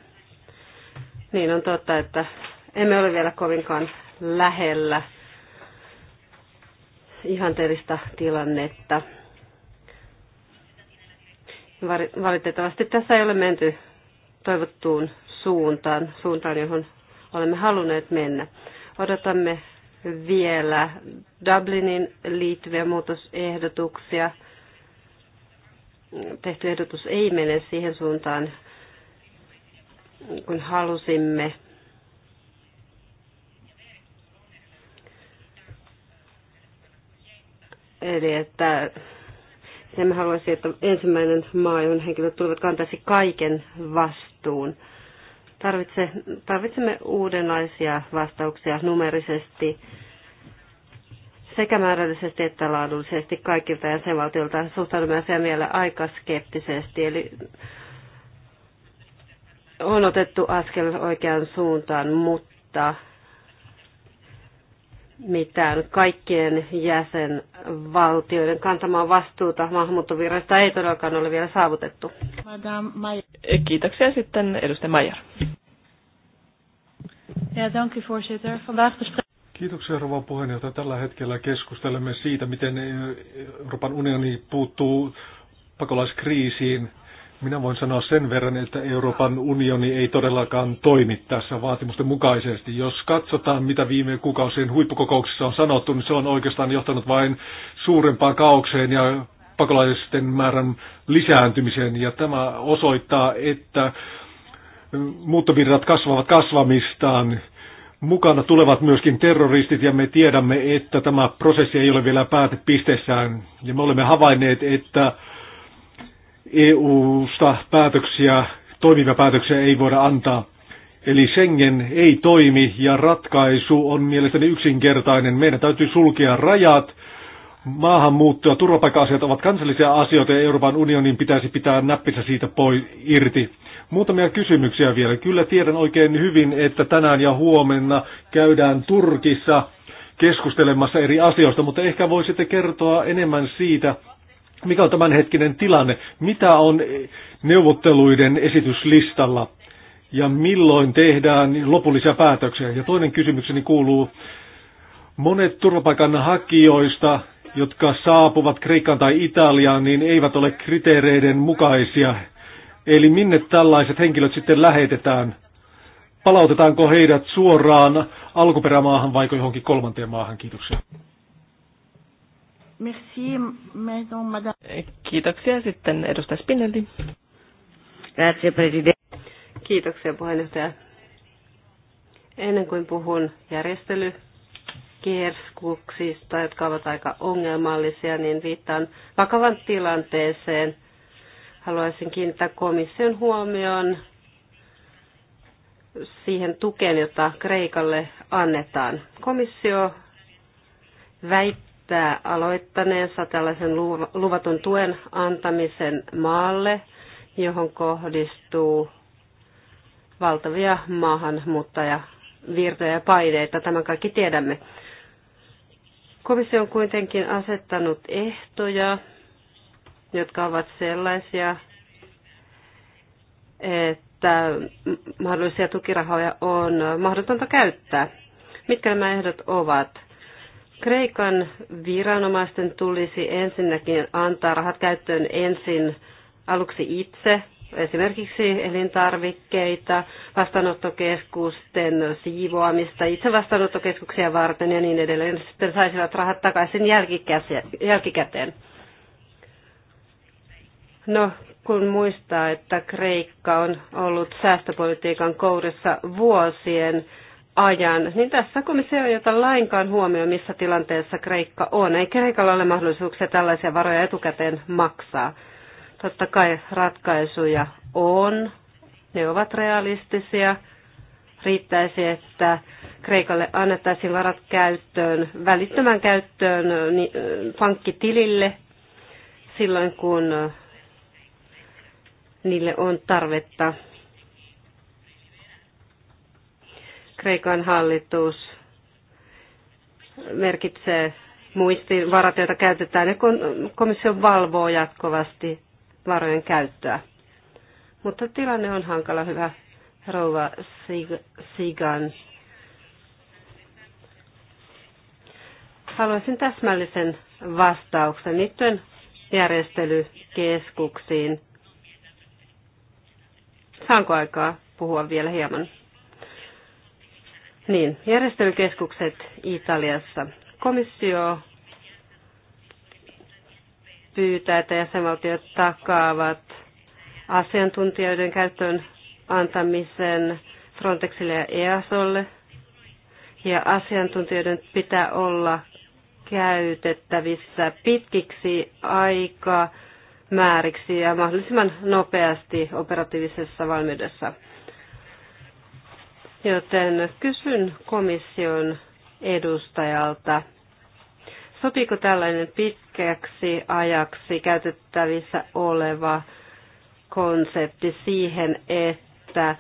Niin on totta, että emme ole vielä kovinkaan lähellä ihanteellista tilannetta. Valitettavasti tässä ei ole menty toivottuun suuntaan, suuntaan, johon olemme halunneet mennä. Odotamme vielä Dublinin liittyviä muutosehdotuksia. Tehty ehdotus ei mene siihen suuntaan, kun halusimme. Eli että emme haluaisi, että ensimmäinen maa, johon henkilöt tulevat, kantaisi kaiken vastuun. Tarvitse, tarvitsemme uudenlaisia vastauksia numerisesti sekä määrällisesti että laadullisesti kaikilta jäsenvaltioilta. Suhtaudumme asiaan vielä aika skeptisesti, eli on otettu askel oikeaan suuntaan, mutta mitään kaikkien jäsenvaltioiden kantamaan vastuuta maahanmuuttovirrasta ei todellakaan ole vielä saavutettu. Kiitoksia sitten edustaja Maijar. Ja, Kiitoksia rouva puheenjohtaja. Tällä hetkellä keskustelemme siitä, miten Euroopan unioni puuttuu pakolaiskriisiin minä voin sanoa sen verran, että Euroopan unioni ei todellakaan toimi tässä vaatimusten mukaisesti. Jos katsotaan, mitä viime kuukausien huippukokouksissa on sanottu, niin se on oikeastaan johtanut vain suurempaan kaaukseen ja pakolaisten määrän lisääntymiseen. Ja tämä osoittaa, että muuttovirrat kasvavat kasvamistaan. Mukana tulevat myöskin terroristit ja me tiedämme, että tämä prosessi ei ole vielä päätepisteessään. Ja me olemme havainneet, että EU-sta päätöksiä, toimivia päätöksiä ei voida antaa. Eli Schengen ei toimi ja ratkaisu on mielestäni yksinkertainen. Meidän täytyy sulkea rajat. Maahanmuutto ja turvapaikka-asiat ovat kansallisia asioita ja Euroopan unionin pitäisi pitää näppinsä siitä pois irti. Muutamia kysymyksiä vielä. Kyllä tiedän oikein hyvin, että tänään ja huomenna käydään Turkissa keskustelemassa eri asioista, mutta ehkä voisitte kertoa enemmän siitä, mikä on tämänhetkinen tilanne? Mitä on eh, neuvotteluiden esityslistalla? Ja milloin tehdään lopullisia päätöksiä? Ja toinen kysymykseni kuuluu, monet turvapaikanhakijoista, jotka saapuvat Kreikkaan tai Italiaan, niin eivät ole kriteereiden mukaisia. Eli minne tällaiset henkilöt sitten lähetetään? Palautetaanko heidät suoraan alkuperämaahan vai johonkin kolmanteen maahan? Kiitoksia. Merci, madame. Kiitoksia sitten edustaja Spinelli. Grazie, president. Kiitoksia puheenjohtaja. Ennen kuin puhun järjestelykierskuksista, jotka ovat aika ongelmallisia, niin viittaan vakavan tilanteeseen. Haluaisin kiinnittää komission huomioon siihen tukeen, jota Kreikalle annetaan. Komissio väittää, näyttää aloittaneensa tällaisen luvatun tuen antamisen maalle, johon kohdistuu valtavia maahanmuuttajavirtoja ja paineita. Tämän kaikki tiedämme. Komissio on kuitenkin asettanut ehtoja, jotka ovat sellaisia, että mahdollisia tukirahoja on mahdotonta käyttää. Mitkä nämä ehdot ovat? Kreikan viranomaisten tulisi ensinnäkin antaa rahat käyttöön ensin aluksi itse, esimerkiksi elintarvikkeita, vastaanottokeskusten siivoamista, itse vastaanottokeskuksia varten ja niin edelleen. Sitten saisivat rahat takaisin jälkikäteen. No, kun muistaa, että Kreikka on ollut säästöpolitiikan kourissa vuosien, ajan, niin tässä komissio ei ota lainkaan huomioon, missä tilanteessa Kreikka on. Ei Kreikalla ole mahdollisuuksia tällaisia varoja etukäteen maksaa. Totta kai ratkaisuja on, ne ovat realistisia. Riittäisi, että Kreikalle annettaisiin varat käyttöön, välittömän käyttöön niin, pankkitilille silloin, kun niille on tarvetta. Kreikan hallitus merkitsee muistivarat, joita käytetään, ja komissio valvoo jatkuvasti varojen käyttöä. Mutta tilanne on hankala, hyvä rouva Sigan. Haluaisin täsmällisen vastauksen liittyen järjestelykeskuksiin. Saanko aikaa puhua vielä hieman? Niin, järjestelykeskukset Italiassa. Komissio pyytää, että jäsenvaltiot takaavat asiantuntijoiden käyttöön antamisen Frontexille ja EASOlle. Ja asiantuntijoiden pitää olla käytettävissä pitkiksi aikaa määriksi ja mahdollisimman nopeasti operatiivisessa valmiudessa. Joten kysyn komission edustajalta, sopiiko tällainen pitkäksi ajaksi käytettävissä oleva konsepti siihen, että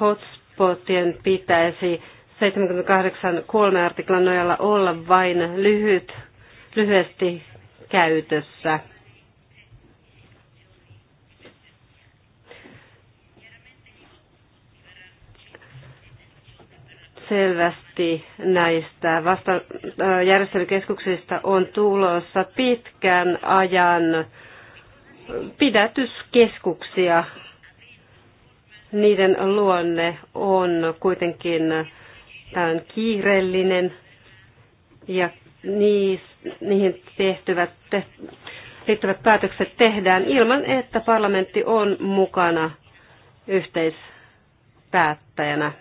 hotspotien pitäisi 78.3 artiklan nojalla olla vain lyhyt, lyhyesti käytössä. selvästi näistä vasta äh, järjestelykeskuksista on tulossa pitkän ajan pidätyskeskuksia. Niiden luonne on kuitenkin tämän kiireellinen ja niihin tehtyvät, te, liittyvät päätökset tehdään ilman, että parlamentti on mukana yhteispäättäjänä.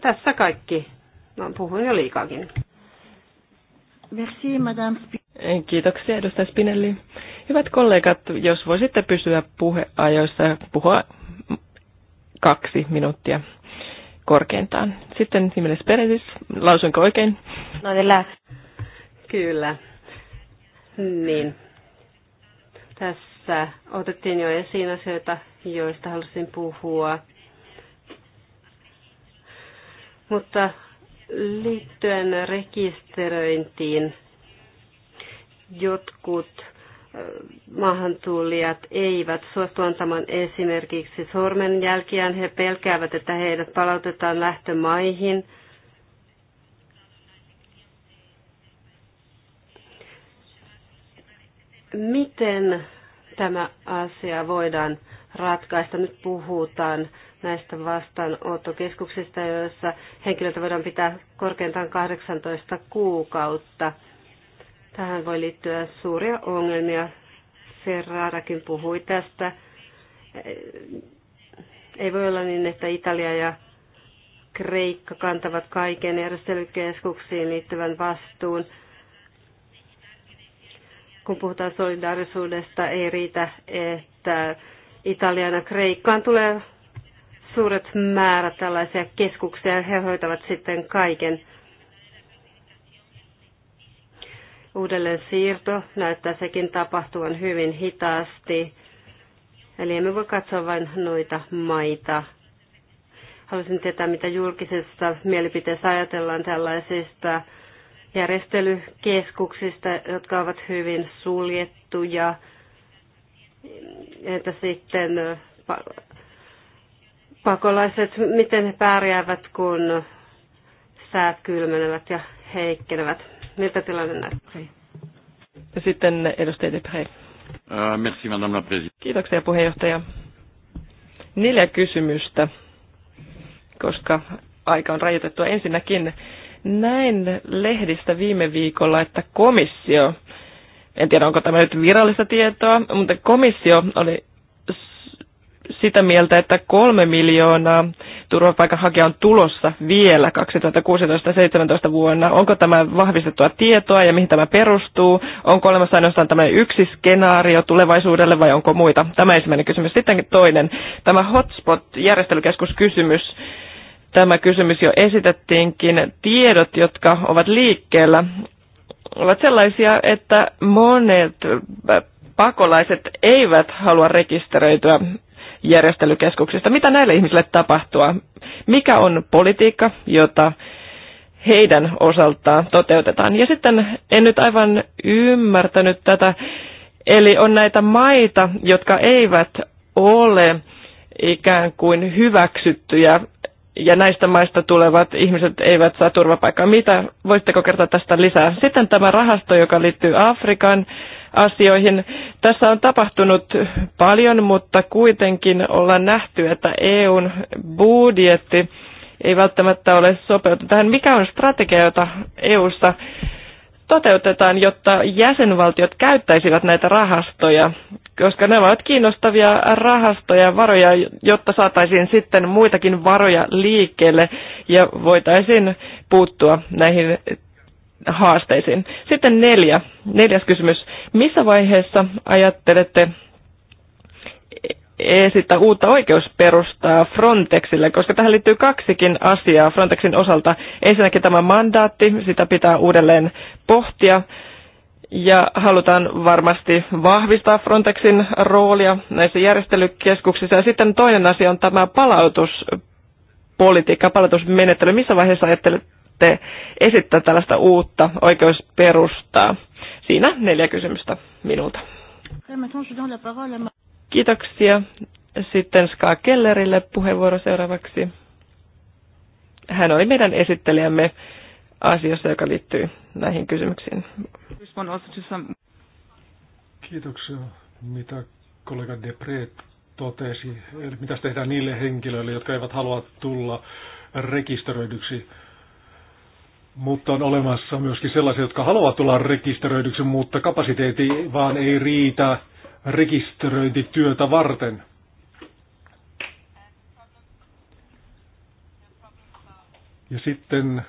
Tässä kaikki. No, puhuin jo liikaakin. Merci, madame. Eh, kiitoksia, edustaja Spinelli. Hyvät kollegat, jos voisitte pysyä puheajoissa ja puhua kaksi minuuttia korkeintaan. Sitten Jimenez Peresis, lausuinko oikein? No kyllä. Niin kyllä. Niin. Tässä otettiin jo esiin asioita, joista halusin puhua. Mutta liittyen rekisteröintiin, jotkut maahantulijat eivät suostu antamaan esimerkiksi sormenjälkiään. He pelkäävät, että heidät palautetaan lähtömaihin. Miten tämä asia voidaan ratkaista? Nyt puhutaan näistä vastaanottokeskuksista, joissa henkilöitä voidaan pitää korkeintaan 18 kuukautta. Tähän voi liittyä suuria ongelmia. Ferrarakin puhui tästä. Ei voi olla niin, että Italia ja Kreikka kantavat kaiken järjestelykeskuksiin liittyvän vastuun. Kun puhutaan solidaarisuudesta, ei riitä, että Italian ja Kreikkaan tulee suuret määrät tällaisia keskuksia ja he hoitavat sitten kaiken. Uudelleen siirto näyttää sekin tapahtuvan hyvin hitaasti. Eli emme voi katsoa vain noita maita. Haluaisin tietää, mitä julkisessa mielipiteessä ajatellaan tällaisista järjestelykeskuksista, jotka ovat hyvin suljettuja. että sitten pakolaiset, miten he pärjäävät, kun säät kylmenevät ja heikkenevät. Miltä tilanne näyttää? Ja sitten edustaja Depré. Äh, merci, madame la présidente. Kiitoksia puheenjohtaja. Neljä kysymystä, koska aika on rajoitettu. Ensinnäkin näin lehdistä viime viikolla, että komissio, en tiedä onko tämä nyt virallista tietoa, mutta komissio oli sitä mieltä, että kolme miljoonaa turvapaikanhakija on tulossa vielä 2016-2017 vuonna. Onko tämä vahvistettua tietoa ja mihin tämä perustuu? Onko olemassa ainoastaan tämmöinen yksi skenaario tulevaisuudelle vai onko muita? Tämä ensimmäinen kysymys. Sitten toinen, tämä hotspot kysymys, Tämä kysymys jo esitettiinkin. Tiedot, jotka ovat liikkeellä, ovat sellaisia, että monet pakolaiset eivät halua rekisteröityä järjestelykeskuksista. Mitä näille ihmisille tapahtuu? Mikä on politiikka, jota heidän osaltaan toteutetaan? Ja sitten en nyt aivan ymmärtänyt tätä. Eli on näitä maita, jotka eivät ole ikään kuin hyväksyttyjä ja näistä maista tulevat ihmiset eivät saa turvapaikkaa. Mitä voitteko kertoa tästä lisää? Sitten tämä rahasto, joka liittyy Afrikan asioihin. Tässä on tapahtunut paljon, mutta kuitenkin ollaan nähty, että EUn budjetti ei välttämättä ole sopeutunut tähän. Mikä on strategia, jota EUssa toteutetaan, jotta jäsenvaltiot käyttäisivät näitä rahastoja, koska ne ovat kiinnostavia rahastoja, varoja, jotta saataisiin sitten muitakin varoja liikkeelle ja voitaisiin puuttua näihin haasteisiin. Sitten neljä, neljäs kysymys. Missä vaiheessa ajattelette esittää uutta oikeusperustaa Frontexille, koska tähän liittyy kaksikin asiaa Frontexin osalta. Ensinnäkin tämä mandaatti, sitä pitää uudelleen pohtia. Ja halutaan varmasti vahvistaa Frontexin roolia näissä järjestelykeskuksissa. Ja sitten toinen asia on tämä palautuspolitiikka, palautusmenettely. Missä vaiheessa ajattelet sitten esittää tällaista uutta oikeusperustaa? Siinä neljä kysymystä minulta. Kiitoksia. Sitten Ska Kellerille puheenvuoro seuraavaksi. Hän oli meidän esittelijämme asiassa, joka liittyy näihin kysymyksiin. Kiitoksia, mitä kollega Depre totesi. Mitä tehdään niille henkilöille, jotka eivät halua tulla rekisteröidyksi mutta on olemassa myöskin sellaisia, jotka haluavat tulla rekisteröidyksi, mutta kapasiteetti vaan ei riitä rekisteröintityötä varten. Ja sitten,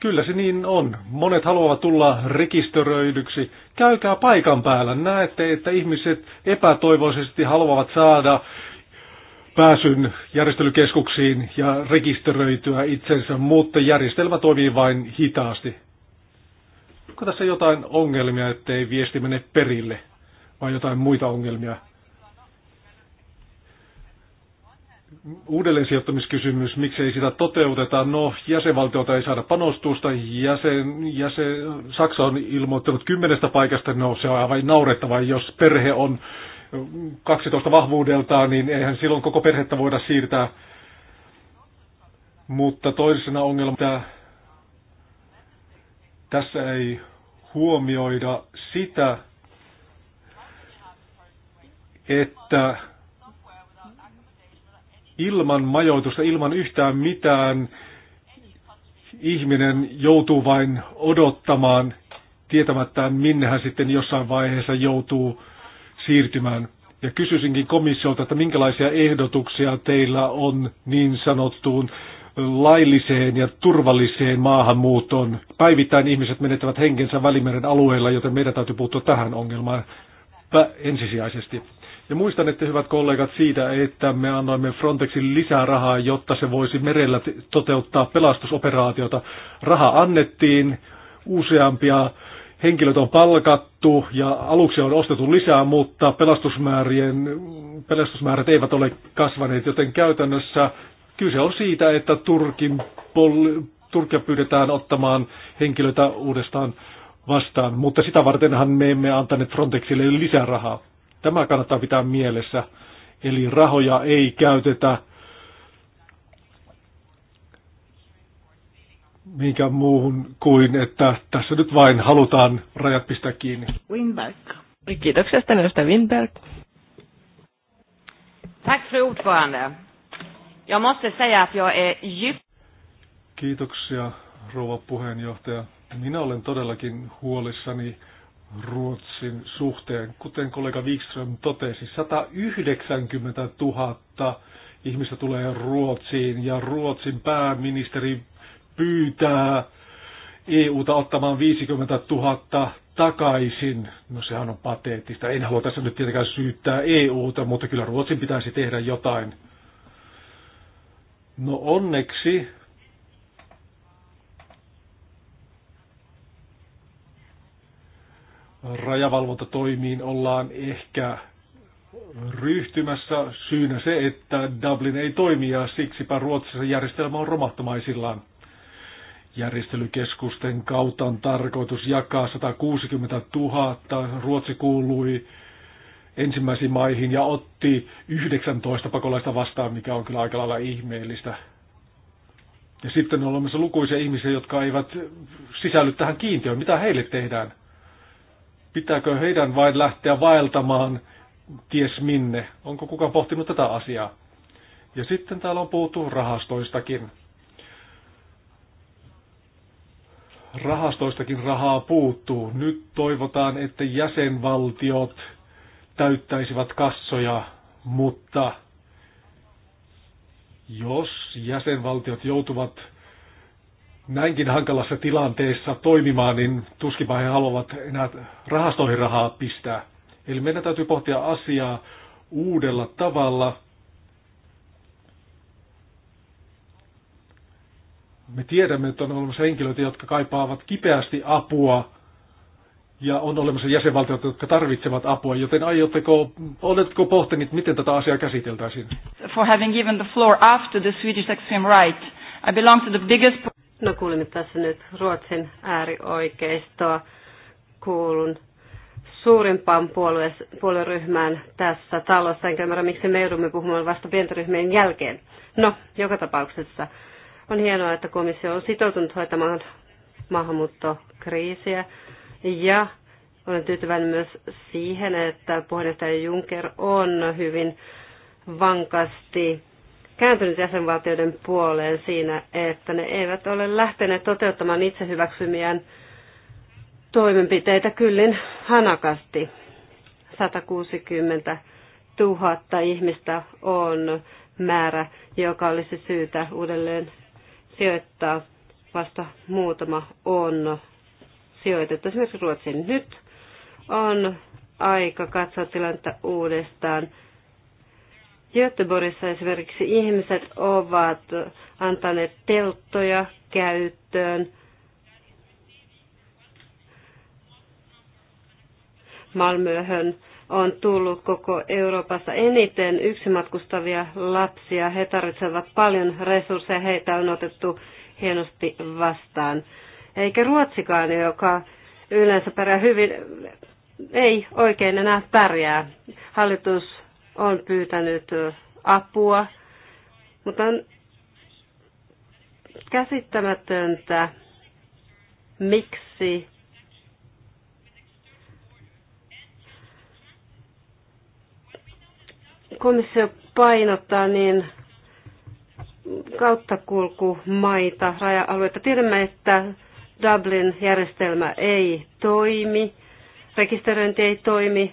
kyllä se niin on. Monet haluavat tulla rekisteröidyksi. Käykää paikan päällä. Näette, että ihmiset epätoivoisesti haluavat saada pääsyn järjestelykeskuksiin ja rekisteröityä itsensä, mutta järjestelmä toimii vain hitaasti. Onko tässä jotain ongelmia, ettei viesti mene perille, vai jotain muita ongelmia? Uudelleen sijoittamiskysymys, miksei sitä toteuteta? No, jäsenvaltiota ei saada panostusta. Jäsen, jäsen, Saksa on ilmoittanut kymmenestä paikasta, no se on aivan naurettava, jos perhe on 12 vahvuudeltaan, niin eihän silloin koko perhettä voida siirtää. Mutta toisena ongelma, että tässä ei huomioida sitä, että ilman majoitusta, ilman yhtään mitään, ihminen joutuu vain odottamaan tietämättään, minne hän sitten jossain vaiheessa joutuu siirtymään. Ja kysyisinkin komissiolta, että minkälaisia ehdotuksia teillä on niin sanottuun lailliseen ja turvalliseen maahanmuuttoon. Päivittäin ihmiset menettävät henkensä Välimeren alueella, joten meidän täytyy puuttua tähän ongelmaan ensisijaisesti. Ja muistan, että hyvät kollegat siitä, että me annoimme Frontexin lisää rahaa, jotta se voisi merellä toteuttaa pelastusoperaatiota. Raha annettiin, useampia henkilöt on palkattu ja aluksi on ostettu lisää, mutta pelastusmäärien, pelastusmäärät eivät ole kasvaneet, joten käytännössä kyse on siitä, että Turkin poli- Turkia pyydetään ottamaan henkilöitä uudestaan vastaan, mutta sitä vartenhan me emme antaneet Frontexille lisää rahaa. Tämä kannattaa pitää mielessä. Eli rahoja ei käytetä mihinkään muuhun kuin, että tässä nyt vain halutaan rajat pistää kiinni. Winberg. Kiitoksia sitten edustaja Winberg. Tack för ordförande. Jag måste säga att jag är djup. Kiitoksia rouva puheenjohtaja. Minä olen todellakin huolissani Ruotsin suhteen. Kuten kollega Wikström totesi, 190 000 ihmistä tulee Ruotsiin ja Ruotsin pääministeri pyytää EUta ottamaan 50 000 takaisin. No sehän on pateettista. En halua tässä nyt tietenkään syyttää EUta, mutta kyllä Ruotsin pitäisi tehdä jotain. No onneksi rajavalvontatoimiin ollaan ehkä ryhtymässä syynä se, että Dublin ei toimi ja siksipä Ruotsissa järjestelmä on romahtamaisillaan. Järjestelykeskusten kautta on tarkoitus jakaa 160 000. Ruotsi kuului ensimmäisiin maihin ja otti 19 pakolaista vastaan, mikä on kyllä aika lailla ihmeellistä. Ja sitten on olemassa lukuisia ihmisiä, jotka eivät sisälly tähän kiintiöön. Mitä heille tehdään? Pitääkö heidän vain lähteä vaeltamaan ties minne? Onko kukaan pohtinut tätä asiaa? Ja sitten täällä on puhuttu rahastoistakin. rahastoistakin rahaa puuttuu. Nyt toivotaan, että jäsenvaltiot täyttäisivät kassoja, mutta jos jäsenvaltiot joutuvat näinkin hankalassa tilanteessa toimimaan, niin tuskinpa he haluavat enää rahastoihin rahaa pistää. Eli meidän täytyy pohtia asiaa uudella tavalla Me tiedämme, että on olemassa henkilöitä, jotka kaipaavat kipeästi apua ja on olemassa jäsenvaltioita, jotka tarvitsevat apua, joten aiotteko, oletko pohtinut, miten tätä asiaa käsiteltäisiin? For having given the floor after the Swedish extreme right, I belong to the biggest... No kuulimme tässä nyt Ruotsin äärioikeistoa. Kuulun suurimpaan puolue, puolueryhmään tässä talossa, enkä ymmärrä miksi me joudumme puhumaan vasta pienryhmien jälkeen. No, joka tapauksessa on hienoa, että komissio on sitoutunut hoitamaan maahanmuuttokriisiä ja olen tyytyväinen myös siihen, että puheenjohtaja Juncker on hyvin vankasti kääntynyt jäsenvaltioiden puoleen siinä, että ne eivät ole lähteneet toteuttamaan itse hyväksymiään toimenpiteitä kyllin hanakasti. 160 000 ihmistä on määrä, joka olisi syytä uudelleen sijoittaa vasta muutama on sijoitettu esimerkiksi Ruotsiin. Nyt on aika katsoa tilannetta uudestaan. Göteborgissa esimerkiksi ihmiset ovat antaneet telttoja käyttöön. Malmöhön on tullut koko Euroopassa eniten yksimatkustavia lapsia. He tarvitsevat paljon resursseja, heitä on otettu hienosti vastaan. Eikä Ruotsikaan, joka yleensä pärjää hyvin, ei oikein enää pärjää. Hallitus on pyytänyt apua, mutta on käsittämätöntä, miksi komissio painottaa, niin kauttakulkumaita, raja-alueita. Tiedämme, että Dublin-järjestelmä ei toimi, rekisteröinti ei toimi,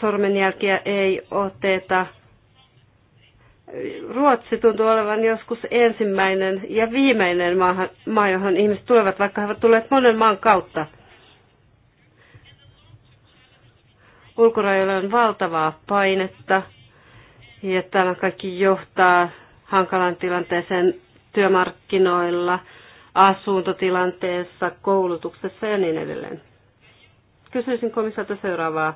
sormenjälkiä ei oteta. Ruotsi tuntuu olevan joskus ensimmäinen ja viimeinen maa, maa johon ihmiset tulevat, vaikka he ovat tulleet monen maan kautta. ulkorajoilla on valtavaa painetta ja tämä kaikki johtaa hankalan tilanteeseen työmarkkinoilla, asuntotilanteessa, koulutuksessa ja niin edelleen. Kysyisin komissaalta seuraavaa.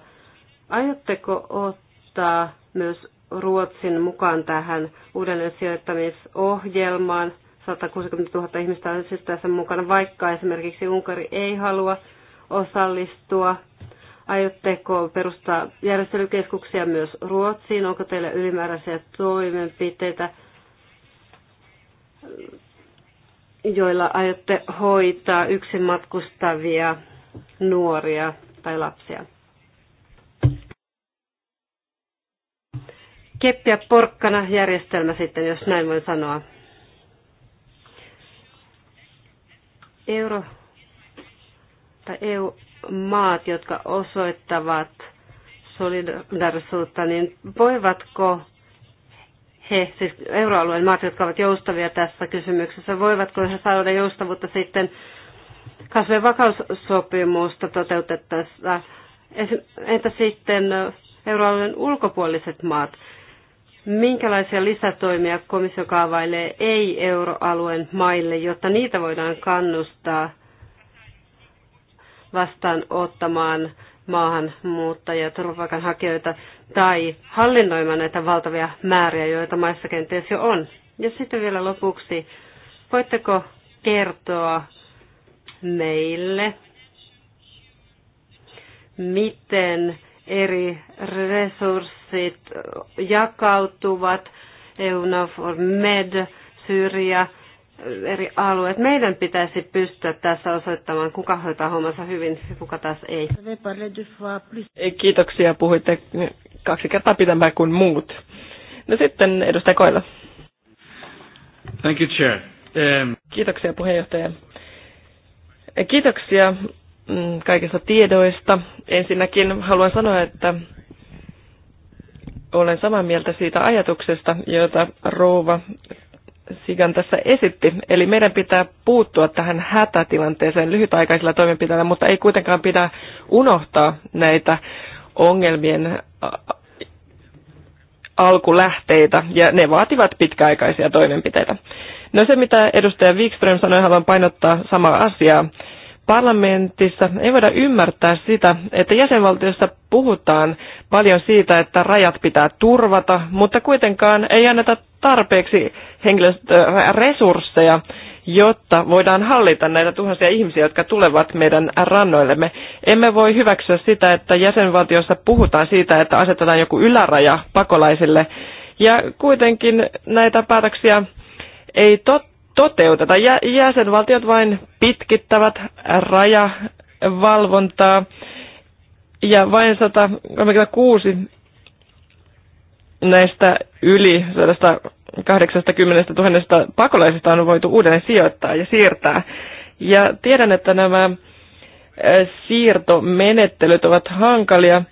Aiotteko ottaa myös Ruotsin mukaan tähän uudelleen sijoittamisohjelmaan? 160 000 ihmistä on siis tässä mukana, vaikka esimerkiksi Unkari ei halua osallistua Aiotteko perustaa järjestelykeskuksia myös Ruotsiin? Onko teillä ylimääräisiä toimenpiteitä, joilla aiotte hoitaa yksin matkustavia nuoria tai lapsia? Keppiä porkkana järjestelmä sitten, jos näin voin sanoa. Euro että EU-maat, jotka osoittavat solidarisuutta, niin voivatko he, siis euroalueen maat, jotka ovat joustavia tässä kysymyksessä, voivatko he saada joustavuutta sitten kasvien vakaussopimusta toteutettaessa? Entä sitten euroalueen ulkopuoliset maat? Minkälaisia lisätoimia komissio kaavailee ei-euroalueen maille, jotta niitä voidaan kannustaa – vastaanottamaan maahanmuuttajia, turvapaikanhakijoita tai hallinnoimaan näitä valtavia määriä, joita maissa kenties jo on. Ja sitten vielä lopuksi, voitteko kertoa meille, miten eri resurssit jakautuvat, EUNAFOR MED, Syyria, eri alueet. Meidän pitäisi pystyä tässä osoittamaan, kuka hoitaa hommansa hyvin ja kuka taas ei. Kiitoksia, puhuitte kaksi kertaa pitämään kuin muut. No sitten edustaja Koila. Thank you, Chair. Um... Kiitoksia puheenjohtaja. Kiitoksia mm, kaikista tiedoista. Ensinnäkin haluan sanoa, että olen samaa mieltä siitä ajatuksesta, jota rouva Sigan tässä esitti. Eli meidän pitää puuttua tähän hätätilanteeseen lyhytaikaisilla toimenpiteillä, mutta ei kuitenkaan pidä unohtaa näitä ongelmien alkulähteitä, ja ne vaativat pitkäaikaisia toimenpiteitä. No se, mitä edustaja Wikström sanoi, haluan painottaa samaa asiaa parlamentissa ei voida ymmärtää sitä, että jäsenvaltiossa puhutaan paljon siitä, että rajat pitää turvata, mutta kuitenkaan ei anneta tarpeeksi henkilöstöresursseja, äh, jotta voidaan hallita näitä tuhansia ihmisiä, jotka tulevat meidän rannoillemme. Emme voi hyväksyä sitä, että jäsenvaltiossa puhutaan siitä, että asetetaan joku yläraja pakolaisille, ja kuitenkin näitä päätöksiä ei totta toteuteta. Jäsenvaltiot vain pitkittävät rajavalvontaa ja vain 136 näistä yli 180 000 pakolaisista on voitu uudelleen sijoittaa ja siirtää. Ja tiedän, että nämä siirtomenettelyt ovat hankalia –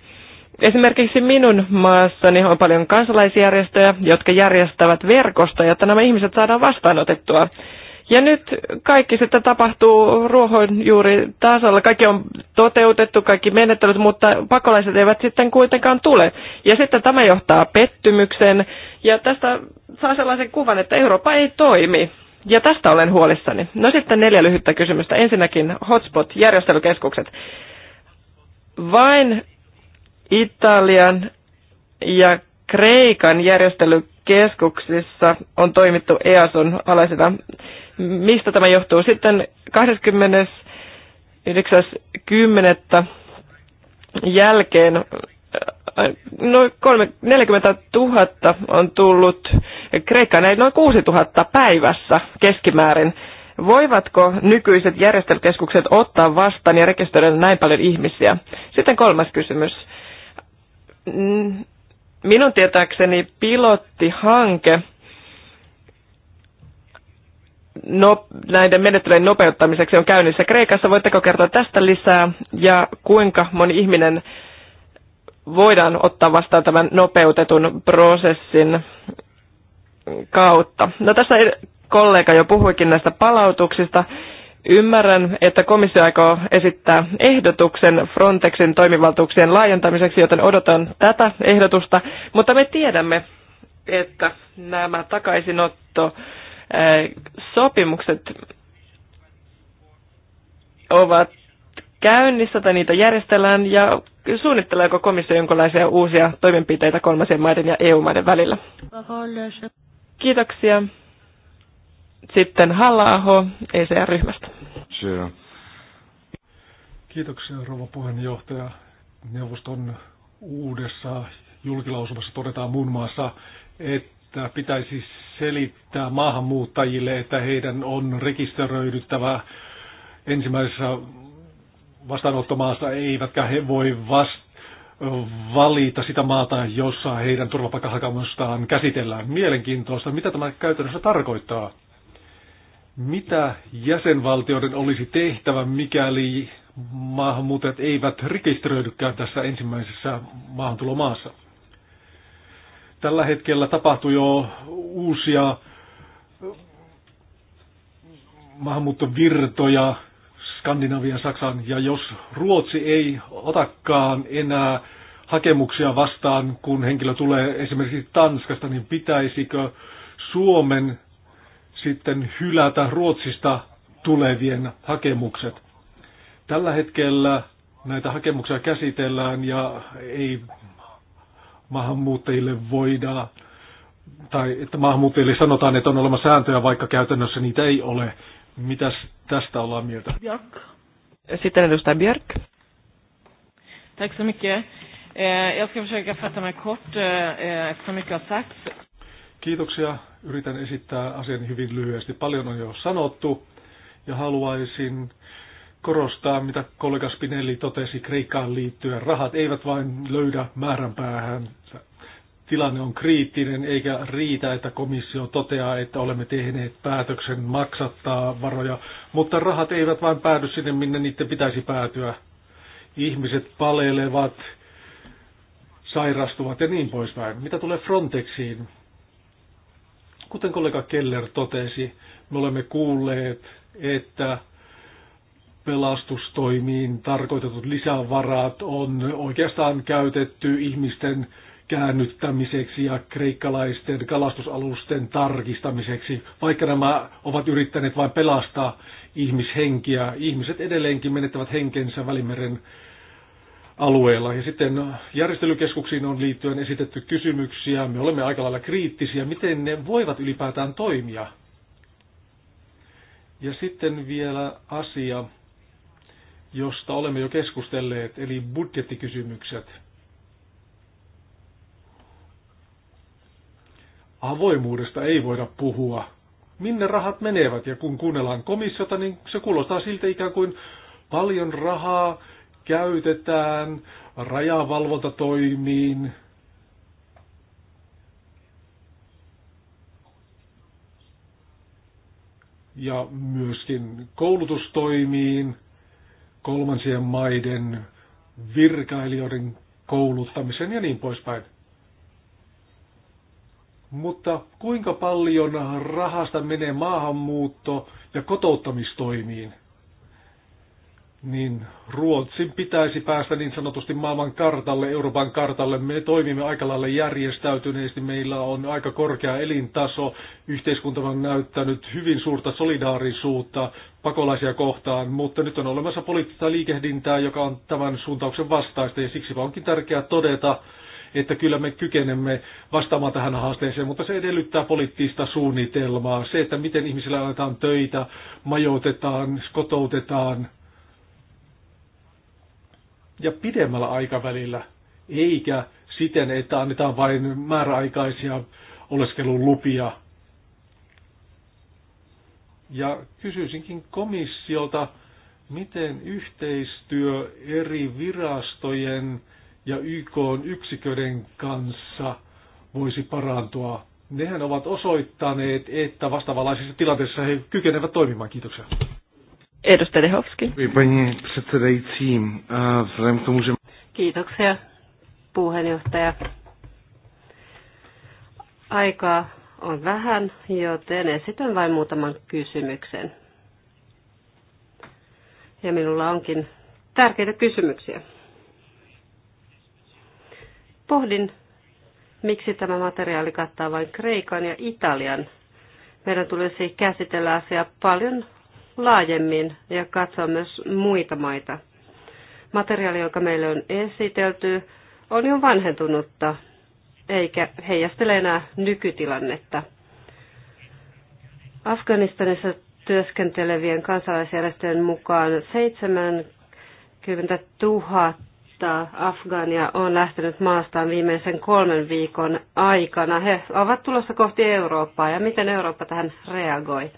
Esimerkiksi minun maassani on paljon kansalaisjärjestöjä, jotka järjestävät verkosta, jotta nämä ihmiset saadaan vastaanotettua. Ja nyt kaikki sitten tapahtuu ruohonjuuri tasolla. Kaikki on toteutettu, kaikki menettelyt, mutta pakolaiset eivät sitten kuitenkaan tule. Ja sitten tämä johtaa pettymykseen. Ja tästä saa sellaisen kuvan, että Eurooppa ei toimi. Ja tästä olen huolissani. No sitten neljä lyhyttä kysymystä. Ensinnäkin hotspot-järjestelykeskukset. Vain Italian ja Kreikan järjestelykeskuksissa on toimittu EASON alaisena. Mistä tämä johtuu? Sitten 29.10. jälkeen äh, noin 40 000 on tullut Kreikkaan, noin 6 000 päivässä keskimäärin. Voivatko nykyiset järjestelykeskukset ottaa vastaan ja rekisteröidä näin paljon ihmisiä? Sitten kolmas kysymys Mm, minun tietääkseni pilottihanke no, näiden menettelyjen nopeuttamiseksi on käynnissä Kreikassa. Voitteko kertoa tästä lisää ja kuinka moni ihminen voidaan ottaa vastaan tämän nopeutetun prosessin kautta? No tässä kollega jo puhuikin näistä palautuksista. Ymmärrän, että komissio aikoo esittää ehdotuksen Frontexin toimivaltuuksien laajentamiseksi, joten odotan tätä ehdotusta, mutta me tiedämme, että nämä takaisinotto eh, sopimukset ovat käynnissä tai niitä järjestellään ja suunnitteleeko komissio jonkinlaisia uusia toimenpiteitä kolmansien maiden ja EU-maiden välillä? Kiitoksia. Sitten halla ECR-ryhmästä. Sure. Kiitoksia, rouva puheenjohtaja. Neuvoston uudessa julkilausumassa todetaan muun muassa, että pitäisi selittää maahanmuuttajille, että heidän on rekisteröidyttävä ensimmäisessä vastaanottomaassa, eivätkä he voi vastata valita sitä maata, jossa heidän turvapaikkahakemustaan käsitellään. Mielenkiintoista, mitä tämä käytännössä tarkoittaa. Mitä jäsenvaltioiden olisi tehtävä, mikäli maahanmuuttajat eivät rekisteröidykään tässä ensimmäisessä maahantulomaassa? Tällä hetkellä tapahtuu jo uusia maahanmuuttovirtoja Skandinavian, Saksan, ja jos Ruotsi ei otakaan enää hakemuksia vastaan, kun henkilö tulee esimerkiksi Tanskasta, niin pitäisikö Suomen sitten hylätä Ruotsista tulevien hakemukset. Tällä hetkellä näitä hakemuksia käsitellään ja ei maahanmuuttajille voida, tai että maahanmuuttajille sanotaan, että on olemassa sääntöjä, vaikka käytännössä niitä ei ole. Mitäs tästä ollaan mieltä? Björk. Sitten edustaja Björk. Tack så mycket. Eh, jag ska försöka fatta mig kort eh, eh, eftersom mycket har sagts. Kiitoksia. Yritän esittää asian hyvin lyhyesti. Paljon on jo sanottu ja haluaisin korostaa, mitä kollega Spinelli totesi Kreikkaan liittyen. Rahat eivät vain löydä määränpäähän. Tilanne on kriittinen eikä riitä, että komissio toteaa, että olemme tehneet päätöksen maksattaa varoja, mutta rahat eivät vain päädy sinne, minne niiden pitäisi päätyä. Ihmiset palelevat, sairastuvat ja niin poispäin. Mitä tulee Frontexiin? Kuten kollega Keller totesi, me olemme kuulleet, että pelastustoimiin tarkoitetut lisävarat on oikeastaan käytetty ihmisten käännyttämiseksi ja kreikkalaisten kalastusalusten tarkistamiseksi, vaikka nämä ovat yrittäneet vain pelastaa ihmishenkiä. Ihmiset edelleenkin menettävät henkensä Välimeren alueella. Ja sitten äh, järjestelykeskuksiin on liittyen esitetty kysymyksiä. Me olemme aika lailla kriittisiä, miten ne voivat ylipäätään toimia. Ja sitten vielä asia, josta olemme jo keskustelleet, eli budjettikysymykset. Avoimuudesta ei voida puhua. Minne rahat menevät? Ja kun kuunnellaan komissiota, niin se kuulostaa siltä ikään kuin paljon rahaa käytetään rajavalvontatoimiin, ja myöskin koulutustoimiin, kolmansien maiden virkailijoiden kouluttamiseen ja niin poispäin. Mutta kuinka paljon rahasta menee maahanmuutto- ja kotouttamistoimiin? niin Ruotsin pitäisi päästä niin sanotusti maailman kartalle, Euroopan kartalle. Me toimimme aika lailla järjestäytyneesti, meillä on aika korkea elintaso, yhteiskunta on näyttänyt hyvin suurta solidaarisuutta pakolaisia kohtaan, mutta nyt on olemassa poliittista liikehdintää, joka on tämän suuntauksen vastaista ja siksi onkin tärkeää todeta, että kyllä me kykenemme vastaamaan tähän haasteeseen, mutta se edellyttää poliittista suunnitelmaa, se, että miten ihmisillä annetaan töitä, majoitetaan, kotoutetaan, ja pidemmällä aikavälillä, eikä siten, että annetaan vain määräaikaisia oleskelulupia. Ja kysyisinkin komissiolta, miten yhteistyö eri virastojen ja YK yksiköiden kanssa voisi parantua. Nehän ovat osoittaneet, että vastaavanlaisissa tilanteissa he kykenevät toimimaan. Kiitoksia. Edustaja Dehovski. Paní předsedající, vzhledem k tomu, že... Kiitoksia, puheenjohtaja. Aikaa on vähän, joten esitän vain muutaman kysymyksen. Ja minulla onkin tärkeitä kysymyksiä. Pohdin, miksi tämä materiaali kattaa vain Kreikan ja Italian. Meidän tulisi käsitellä asiaa paljon laajemmin ja katsoa myös muita maita. Materiaali, joka meille on esitelty, on jo vanhentunutta eikä heijastele enää nykytilannetta. Afganistanissa työskentelevien kansalaisjärjestöjen mukaan 70 000 Afgaania on lähtenyt maastaan viimeisen kolmen viikon aikana. He ovat tulossa kohti Eurooppaa ja miten Eurooppa tähän reagoi.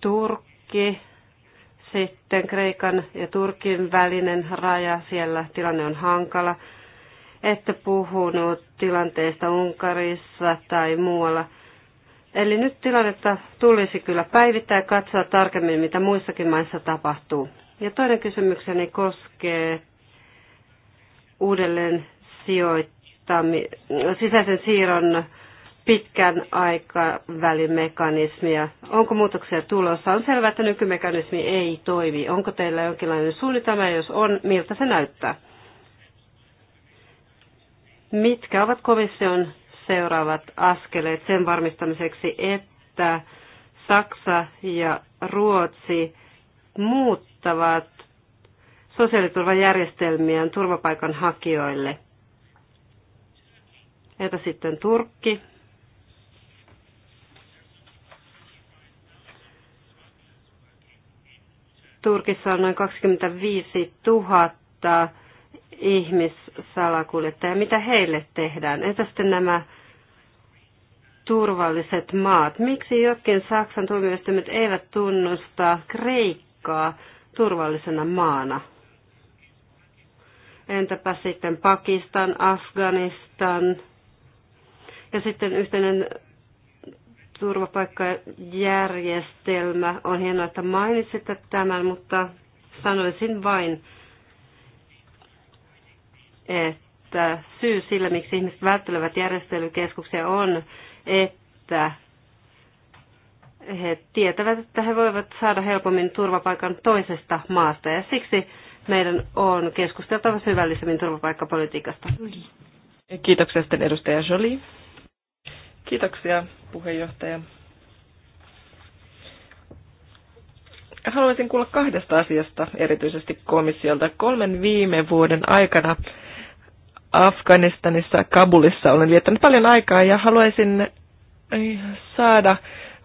Turk, rikki. sitten Kreikan ja Turkin välinen raja, siellä tilanne on hankala. Ette puhunut tilanteesta Unkarissa tai muualla. Eli nyt tilannetta tulisi kyllä päivittää ja katsoa tarkemmin, mitä muissakin maissa tapahtuu. Ja toinen kysymykseni koskee uudelleen sijoittami- sisäisen siirron pitkän aikavälin mekanismia? Onko muutoksia tulossa? On selvää, että nykymekanismi ei toimi. Onko teillä jonkinlainen suunnitelma, jos on, miltä se näyttää? Mitkä ovat komission seuraavat askeleet sen varmistamiseksi, että Saksa ja Ruotsi muuttavat sosiaaliturvajärjestelmiään turvapaikanhakijoille? Entä sitten Turkki? Turkissa on noin 25 000 ihmissalakuljettaja. Mitä heille tehdään? Entä sitten nämä turvalliset maat? Miksi jotkin Saksan tuomioistuimet eivät tunnusta Kreikkaa turvallisena maana? Entäpä sitten Pakistan, Afganistan ja sitten yhteinen turvapaikkajärjestelmä. On hienoa, että mainitsit tämän, mutta sanoisin vain, että syy sillä, miksi ihmiset välttelevät järjestelykeskuksia, on, että he tietävät, että he voivat saada helpommin turvapaikan toisesta maasta ja siksi meidän on keskusteltava syvällisemmin turvapaikkapolitiikasta. Kiitoksia sitten edustaja Jolie. Kiitoksia puheenjohtaja. Haluaisin kuulla kahdesta asiasta, erityisesti komissiolta. Kolmen viime vuoden aikana Afganistanissa, Kabulissa olen viettänyt paljon aikaa ja haluaisin eh, saada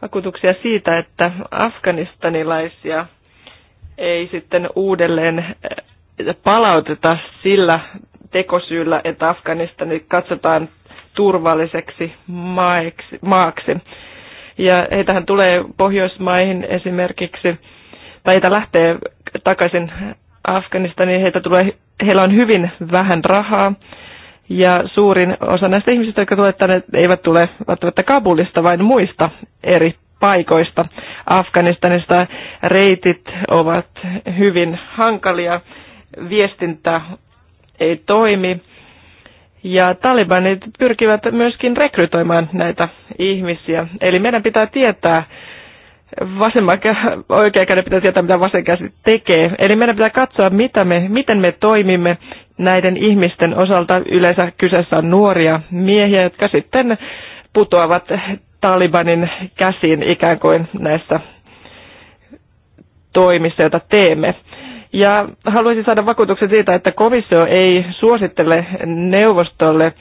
vakuutuksia siitä, että afganistanilaisia ei sitten uudelleen eh, palauteta sillä tekosyyllä, että Afganistani katsotaan turvalliseksi maaksi. maaksi. Ja heitähän tulee Pohjoismaihin esimerkiksi, tai heitä lähtee takaisin Afganistaniin, heitä tulee, heillä on hyvin vähän rahaa. Ja suurin osa näistä ihmisistä, jotka tulee tänne, eivät tule välttämättä Kabulista, vaan muista eri paikoista. Afganistanista reitit ovat hyvin hankalia, viestintä ei toimi ja talibanit pyrkivät myöskin rekrytoimaan näitä ihmisiä. Eli meidän pitää tietää, vasemman oikea käden pitää tietää, mitä vasen käsi tekee. Eli meidän pitää katsoa, mitä me, miten me toimimme näiden ihmisten osalta. Yleensä kyseessä on nuoria miehiä, jotka sitten putoavat Talibanin käsiin ikään kuin näissä toimissa, joita teemme. Ja haluaisin saada vakuutuksen siitä, että komissio ei suosittele neuvostolle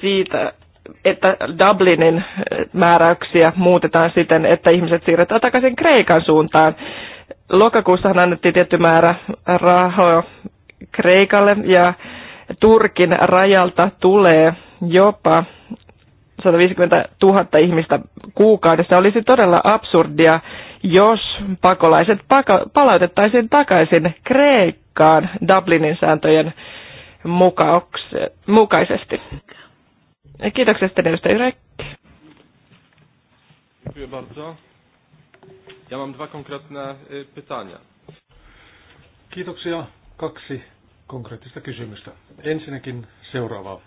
siitä, että Dublinin määräyksiä muutetaan siten, että ihmiset siirretään takaisin Kreikan suuntaan. Lokakuussahan annettiin tietty määrä rahoja Kreikalle ja Turkin rajalta tulee jopa 150 000 ihmistä kuukaudessa. Olisi todella absurdia, jos pakolaiset palautettaisiin takaisin Kreikkaan Dublinin sääntöjen mukaisesti. Kiitoksia sitten edustaja Yrekki. Dziękuję bardzo. Ja mam dwa konkretne pytania. Kiitoksia. Kaksi konkreettista kysymystä. Ensinnäkin seuraavaa.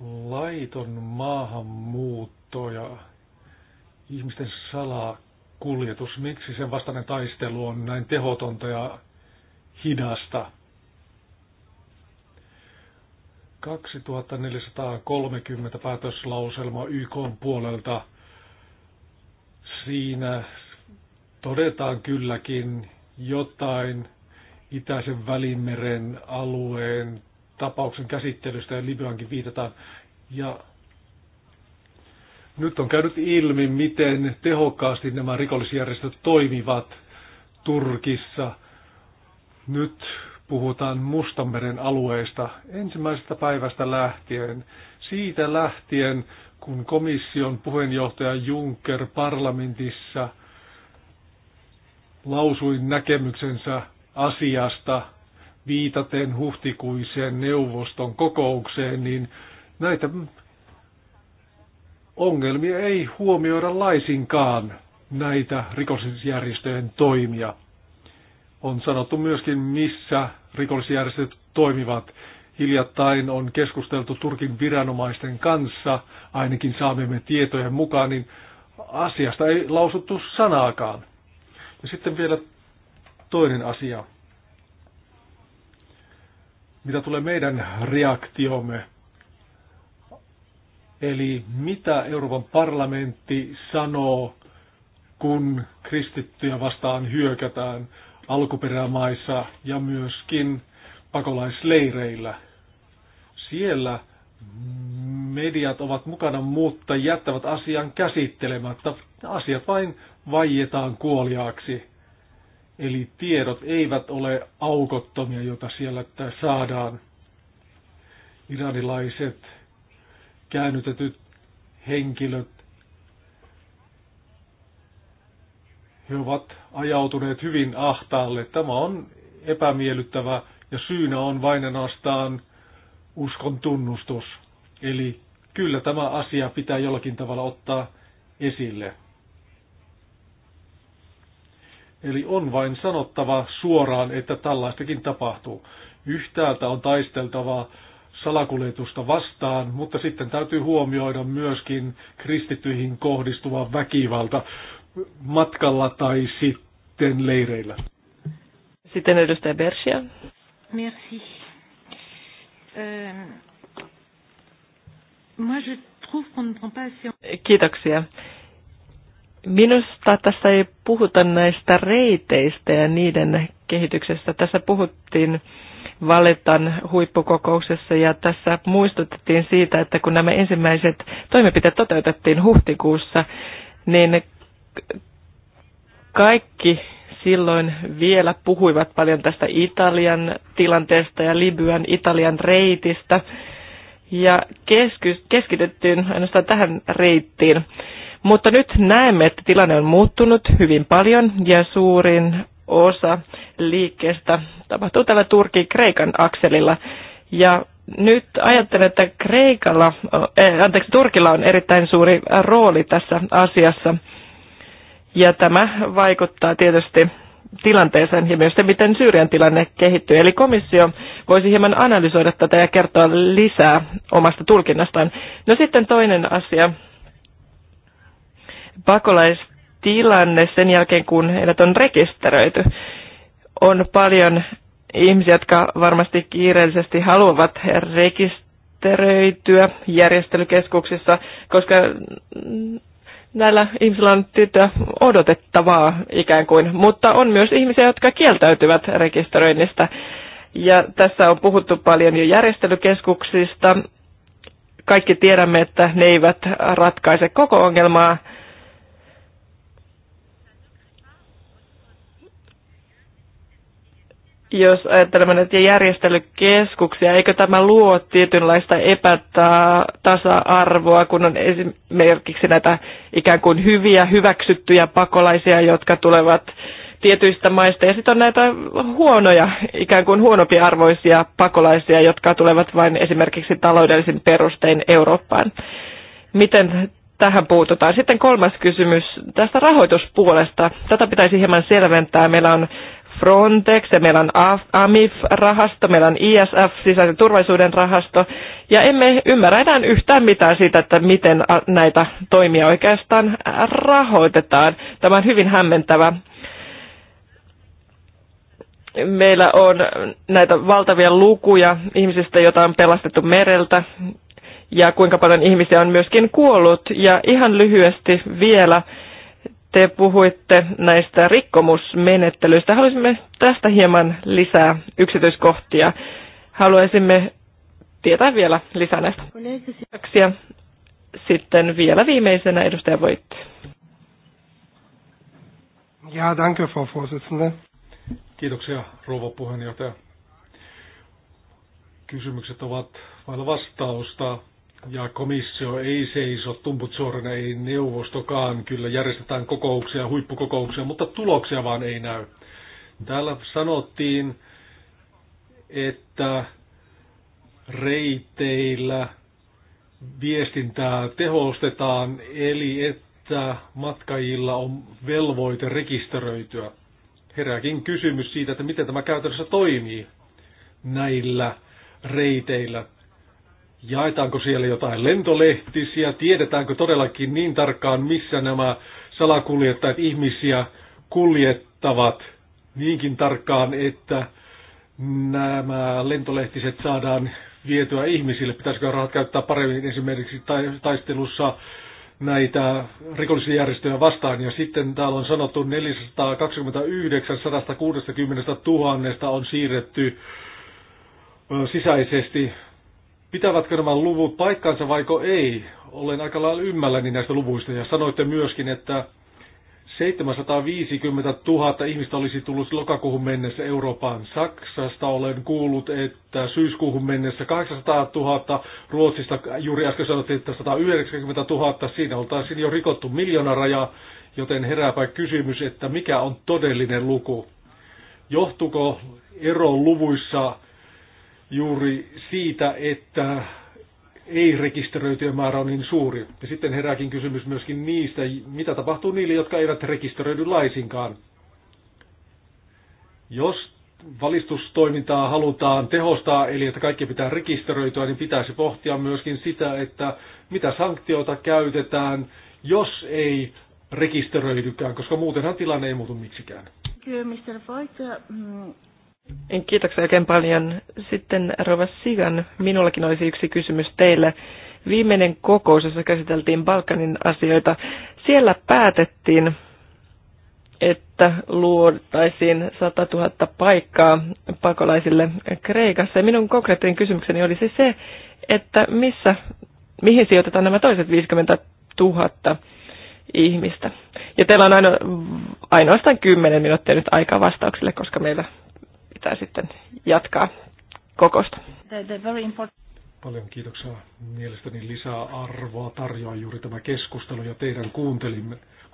laiton maahanmuutto ja ihmisten salakuljetus, miksi sen vastainen taistelu on näin tehotonta ja hidasta? 2430 päätöslauselma YK puolelta. Siinä todetaan kylläkin jotain Itäisen välimeren alueen tapauksen käsittelystä ja Libyankin viitataan. Ja nyt on käynyt ilmi, miten tehokkaasti nämä rikollisjärjestöt toimivat Turkissa. Nyt puhutaan Mustanmeren alueesta ensimmäisestä päivästä lähtien. Siitä lähtien, kun komission puheenjohtaja Juncker parlamentissa lausui näkemyksensä asiasta, viitaten huhtikuiseen neuvoston kokoukseen, niin näitä ongelmia ei huomioida laisinkaan näitä rikollisjärjestöjen toimia. On sanottu myöskin, missä rikollisjärjestöt toimivat. Hiljattain on keskusteltu Turkin viranomaisten kanssa, ainakin saamme tietojen mukaan, niin asiasta ei lausuttu sanaakaan. Ja sitten vielä toinen asia mitä tulee meidän reaktiomme. Eli mitä Euroopan parlamentti sanoo, kun kristittyjä vastaan hyökätään alkuperämaissa ja myöskin pakolaisleireillä. Siellä mediat ovat mukana, mutta jättävät asian käsittelemättä. Asiat vain vaietaan kuoliaaksi. Eli tiedot eivät ole aukottomia, joita siellä saadaan. Iranilaiset käännytetyt henkilöt, he ovat ajautuneet hyvin ahtaalle. Tämä on epämiellyttävä ja syynä on vain ainoastaan uskon tunnustus. Eli kyllä tämä asia pitää jollakin tavalla ottaa esille. Eli on vain sanottava suoraan, että tällaistakin tapahtuu. Yhtäältä on taisteltava salakuljetusta vastaan, mutta sitten täytyy huomioida myöskin kristittyihin kohdistuva väkivalta matkalla tai sitten leireillä. Sitten edustaja Bersia. Merci. Kiitoksia. Minusta tässä ei puhuta näistä reiteistä ja niiden kehityksestä. Tässä puhuttiin Valetan huippukokouksessa ja tässä muistutettiin siitä, että kun nämä ensimmäiset toimenpiteet toteutettiin huhtikuussa, niin kaikki silloin vielä puhuivat paljon tästä Italian tilanteesta ja Libyan Italian reitistä ja keskityttiin ainoastaan tähän reittiin. Mutta nyt näemme, että tilanne on muuttunut hyvin paljon ja suurin osa liikkeestä tapahtuu tällä Turkin-Kreikan akselilla. Ja nyt ajattelen, että Kreikalla, äh, anteeksi, Turkilla on erittäin suuri rooli tässä asiassa. Ja tämä vaikuttaa tietysti tilanteeseen ja myös se, miten Syyrian tilanne kehittyy. Eli komissio voisi hieman analysoida tätä ja kertoa lisää omasta tulkinnastaan. No sitten toinen asia, pakolaistilanne sen jälkeen, kun heidät on rekisteröity. On paljon ihmisiä, jotka varmasti kiireellisesti haluavat rekisteröityä järjestelykeskuksissa, koska näillä ihmisillä on tyttöä odotettavaa ikään kuin, mutta on myös ihmisiä, jotka kieltäytyvät rekisteröinnistä. Ja tässä on puhuttu paljon jo järjestelykeskuksista. Kaikki tiedämme, että ne eivät ratkaise koko ongelmaa, jos ajattelemme näitä järjestelykeskuksia, eikö tämä luo tietynlaista epätasa-arvoa, kun on esimerkiksi näitä ikään kuin hyviä, hyväksyttyjä pakolaisia, jotka tulevat tietyistä maista, ja sitten on näitä huonoja, ikään kuin huonompiarvoisia pakolaisia, jotka tulevat vain esimerkiksi taloudellisin perustein Eurooppaan. Miten tähän puututaan. Sitten kolmas kysymys tästä rahoituspuolesta. Tätä pitäisi hieman selventää. Meillä on Frontex ja meillä on AMIF-rahasto, meillä on ISF, sisäisen turvallisuuden rahasto, ja emme ymmärrä enää yhtään mitään siitä, että miten näitä toimia oikeastaan rahoitetaan. Tämä on hyvin hämmentävä. Meillä on näitä valtavia lukuja ihmisistä, joita on pelastettu mereltä, ja kuinka paljon ihmisiä on myöskin kuollut. Ja ihan lyhyesti vielä, te puhuitte näistä rikkomusmenettelyistä. Haluaisimme tästä hieman lisää yksityiskohtia. Haluaisimme tietää vielä lisää näistä. Kiitoksia. Sitten vielä viimeisenä edustaja Voitti. Ja, danke, Frau Vorsitzende. Kiitoksia, rouva puheenjohtaja. Kysymykset ovat vailla vastausta. Ja komissio ei seiso tumput suorana, ei neuvostokaan. Kyllä järjestetään kokouksia, huippukokouksia, mutta tuloksia vaan ei näy. Täällä sanottiin, että reiteillä viestintää tehostetaan, eli että matkajilla on velvoite rekisteröityä. Herääkin kysymys siitä, että miten tämä käytännössä toimii näillä reiteillä. Jaetaanko siellä jotain lentolehtisiä? Tiedetäänkö todellakin niin tarkkaan, missä nämä salakuljettajat ihmisiä kuljettavat niinkin tarkkaan, että nämä lentolehtiset saadaan vietyä ihmisille? Pitäisikö rahat käyttää paremmin esimerkiksi taistelussa näitä rikollisia järjestöjä vastaan? Ja sitten täällä on sanottu 429 160 000 on siirretty sisäisesti Pitävätkö nämä luvut paikkaansa vaiko ei? Olen aika lailla ymmälläni näistä luvuista ja sanoitte myöskin, että 750 000 ihmistä olisi tullut lokakuuhun mennessä Euroopan Saksasta. Olen kuullut, että syyskuuhun mennessä 800 000, Ruotsista juuri äsken sanottiin, että 190 000, siinä oltaisiin jo rikottu miljoonaraja, joten herääpä kysymys, että mikä on todellinen luku. Johtuko ero luvuissa juuri siitä, että ei-rekisteröityjen määrä on niin suuri. Ja sitten herääkin kysymys myöskin niistä, mitä tapahtuu niille, jotka eivät rekisteröidy laisinkaan. Jos valistustoimintaa halutaan tehostaa, eli että kaikki pitää rekisteröityä, niin pitäisi pohtia myöskin sitä, että mitä sanktioita käytetään, jos ei rekisteröidykään, koska muutenhan tilanne ei muutu miksikään. Kyllä, Mr. Voigt, mm, Kiitoksia oikein paljon. Sitten Rova Sigan, minullakin olisi yksi kysymys teille. Viimeinen kokous, jossa käsiteltiin Balkanin asioita, siellä päätettiin, että luotaisiin 100 000 paikkaa pakolaisille Kreikassa. Ja minun konkreettinen kysymykseni olisi se, että missä, mihin sijoitetaan nämä toiset 50 000 ihmistä. Ja teillä on aino, ainoastaan 10 minuuttia nyt aikaa vastauksille, koska meillä yrittää sitten jatkaa kokosta. Paljon kiitoksia. Mielestäni lisää arvoa tarjoaa juuri tämä keskustelu ja teidän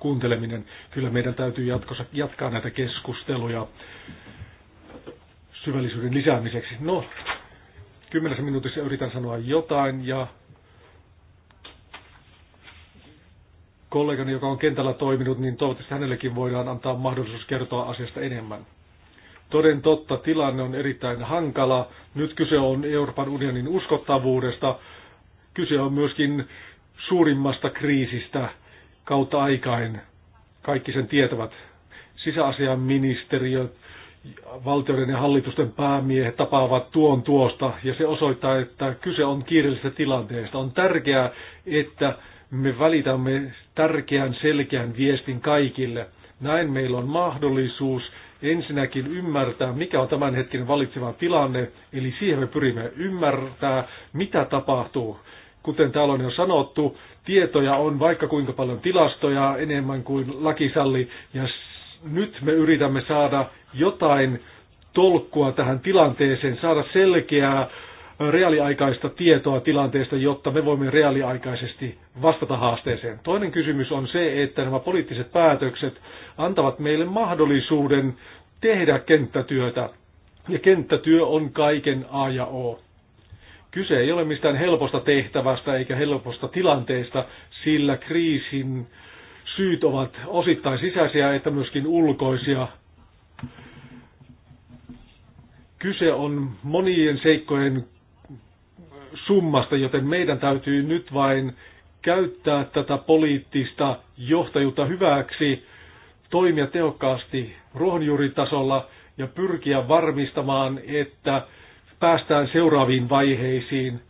kuunteleminen. Kyllä meidän täytyy jatkossa jatkaa näitä keskusteluja syvällisyyden lisäämiseksi. No, kymmenessä minuutissa yritän sanoa jotain ja kollegani, joka on kentällä toiminut, niin toivottavasti hänellekin voidaan antaa mahdollisuus kertoa asiasta enemmän. Toden totta tilanne on erittäin hankala. Nyt kyse on Euroopan unionin uskottavuudesta. Kyse on myöskin suurimmasta kriisistä kautta aikain. Kaikki sen tietävät. Sisäasiainministeriö, valtioiden ja hallitusten päämiehet tapaavat tuon tuosta ja se osoittaa, että kyse on kiireellisestä tilanteesta. On tärkeää, että me välitämme tärkeän selkeän viestin kaikille. Näin meillä on mahdollisuus ensinnäkin ymmärtää, mikä on tämän hetken valitseva tilanne, eli siihen me pyrimme ymmärtää, mitä tapahtuu. Kuten täällä on jo sanottu, tietoja on vaikka kuinka paljon tilastoja, enemmän kuin lakisalli, ja nyt me yritämme saada jotain tolkkua tähän tilanteeseen, saada selkeää reaaliaikaista tietoa tilanteesta, jotta me voimme reaaliaikaisesti vastata haasteeseen. Toinen kysymys on se, että nämä poliittiset päätökset antavat meille mahdollisuuden tehdä kenttätyötä. Ja kenttätyö on kaiken A ja O. Kyse ei ole mistään helposta tehtävästä eikä helposta tilanteesta, sillä kriisin syyt ovat osittain sisäisiä että myöskin ulkoisia. Kyse on monien seikkojen summasta, joten meidän täytyy nyt vain käyttää tätä poliittista johtajuutta hyväksi, toimia tehokkaasti ruohonjuuritasolla ja pyrkiä varmistamaan, että päästään seuraaviin vaiheisiin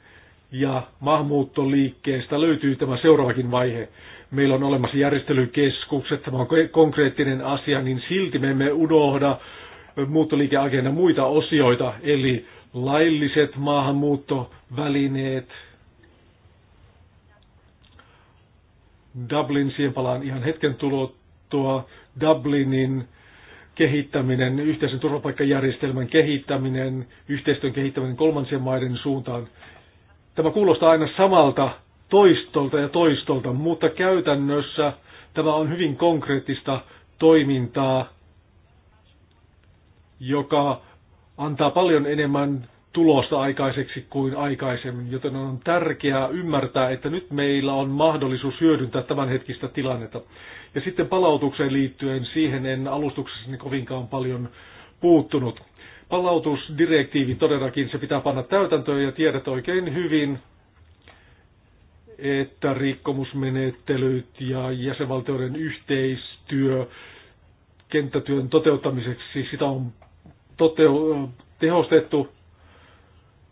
ja maahanmuuttoliikkeestä löytyy tämä seuraavakin vaihe. Meillä on olemassa järjestelykeskukset, tämä on konkreettinen asia, niin silti me emme unohda muuttoliikeagenda muita osioita, eli lailliset maahanmuuttovälineet. Dublin, siihen palaan ihan hetken tulottua, Dublinin kehittäminen, yhteisen turvapaikkajärjestelmän kehittäminen, yhteistyön kehittäminen kolmansien maiden suuntaan. Tämä kuulostaa aina samalta toistolta ja toistolta, mutta käytännössä tämä on hyvin konkreettista toimintaa, joka antaa paljon enemmän tulosta aikaiseksi kuin aikaisemmin, joten on tärkeää ymmärtää, että nyt meillä on mahdollisuus hyödyntää tämänhetkistä tilannetta. Ja sitten palautukseen liittyen, siihen en alustuksessani kovinkaan paljon puuttunut. Palautusdirektiivi todellakin, se pitää panna täytäntöön ja tiedät oikein hyvin, että rikkomusmenettelyt ja jäsenvaltioiden yhteistyö kenttätyön toteuttamiseksi, sitä on toteu, tehostettu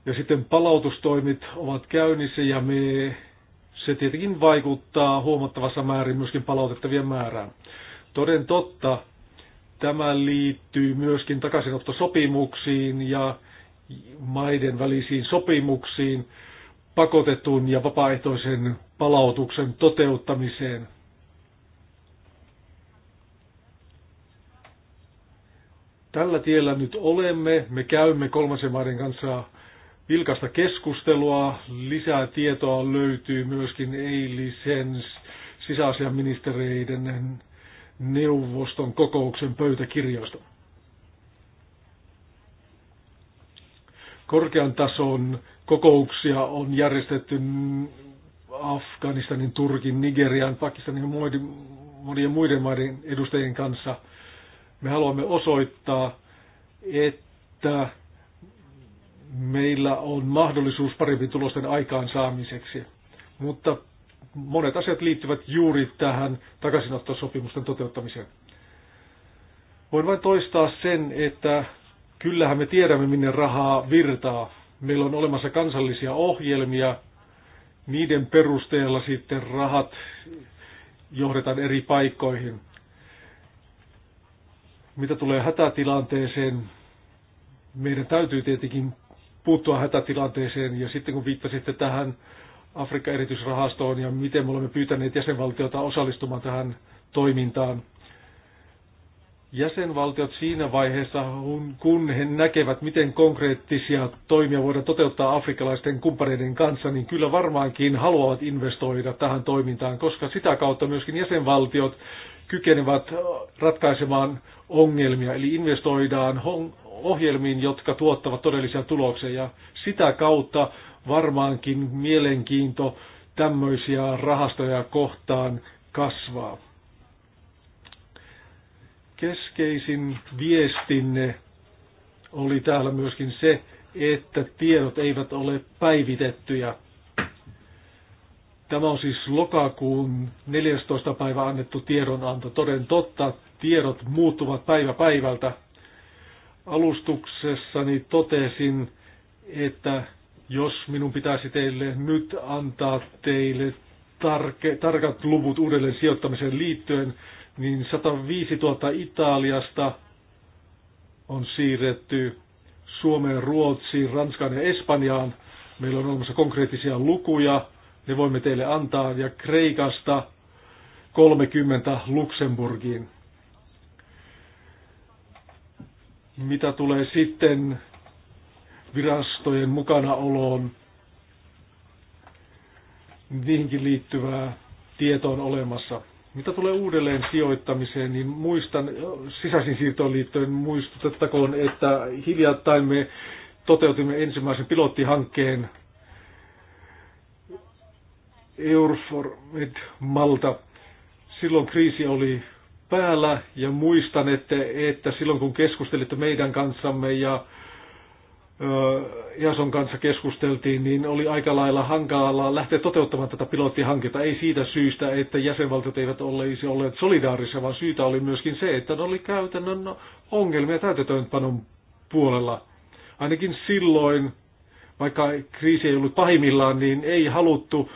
ja sitten palautustoimit ovat käynnissä ja me, se tietenkin vaikuttaa huomattavassa määrin myöskin palautettavien määrään. Toden totta, tämä liittyy myöskin takaisinottosopimuksiin ja maiden välisiin sopimuksiin, pakotetun ja vapaaehtoisen palautuksen toteuttamiseen – Tällä tiellä nyt olemme. Me käymme kolmasen maiden kanssa vilkasta keskustelua. Lisää tietoa löytyy myöskin eilisen sisäasiaministereiden neuvoston kokouksen pöytäkirjoista. Korkean tason kokouksia on järjestetty Afganistanin, Turkin, Nigerian, Pakistanin ja monien muiden maiden edustajien kanssa – me haluamme osoittaa, että meillä on mahdollisuus parempien tulosten aikaansaamiseksi. Mutta monet asiat liittyvät juuri tähän takaisinottosopimusten toteuttamiseen. Voin vain toistaa sen, että kyllähän me tiedämme, minne rahaa virtaa. Meillä on olemassa kansallisia ohjelmia, niiden perusteella sitten rahat johdetaan eri paikkoihin. Mitä tulee hätätilanteeseen, meidän täytyy tietenkin puuttua hätätilanteeseen. Ja sitten kun viittasitte tähän Afrikan erityisrahastoon ja miten me olemme pyytäneet jäsenvaltiota osallistumaan tähän toimintaan, jäsenvaltiot siinä vaiheessa, kun he näkevät, miten konkreettisia toimia voidaan toteuttaa afrikkalaisten kumppaneiden kanssa, niin kyllä varmaankin haluavat investoida tähän toimintaan, koska sitä kautta myöskin jäsenvaltiot kykenevät ratkaisemaan ongelmia, eli investoidaan ohjelmiin, jotka tuottavat todellisia tuloksia. Ja sitä kautta varmaankin mielenkiinto tämmöisiä rahastoja kohtaan kasvaa. Keskeisin viestinne oli täällä myöskin se, että tiedot eivät ole päivitettyjä Tämä on siis lokakuun 14. päivä annettu tiedonanto. Toden totta, tiedot muuttuvat päivä päivältä. Alustuksessani totesin, että jos minun pitäisi teille nyt antaa teille tarke, tarkat luvut uudelleen sijoittamiseen liittyen, niin 105 000 Italiasta on siirretty Suomeen, Ruotsiin, Ranskaan ja Espanjaan. Meillä on olemassa konkreettisia lukuja ne voimme teille antaa, ja Kreikasta 30 Luxemburgiin. Mitä tulee sitten virastojen mukanaoloon, niihinkin liittyvää tietoa on olemassa. Mitä tulee uudelleen sijoittamiseen, niin muistan sisäisiin siirtoon liittyen muistutettakoon, että hiljattain me toteutimme ensimmäisen pilottihankkeen et Malta. Silloin kriisi oli päällä ja muistan, että, että silloin kun keskustelitte meidän kanssamme ja Jason kanssa keskusteltiin, niin oli aika lailla hankalaa lähteä toteuttamaan tätä pilottihanketta. Ei siitä syystä, että jäsenvaltiot eivät olisi olleet solidaarisia, vaan syytä oli myöskin se, että ne oli käytännön ongelmia täytäntöönpanon puolella. Ainakin silloin, vaikka kriisi ei ollut pahimmillaan, niin ei haluttu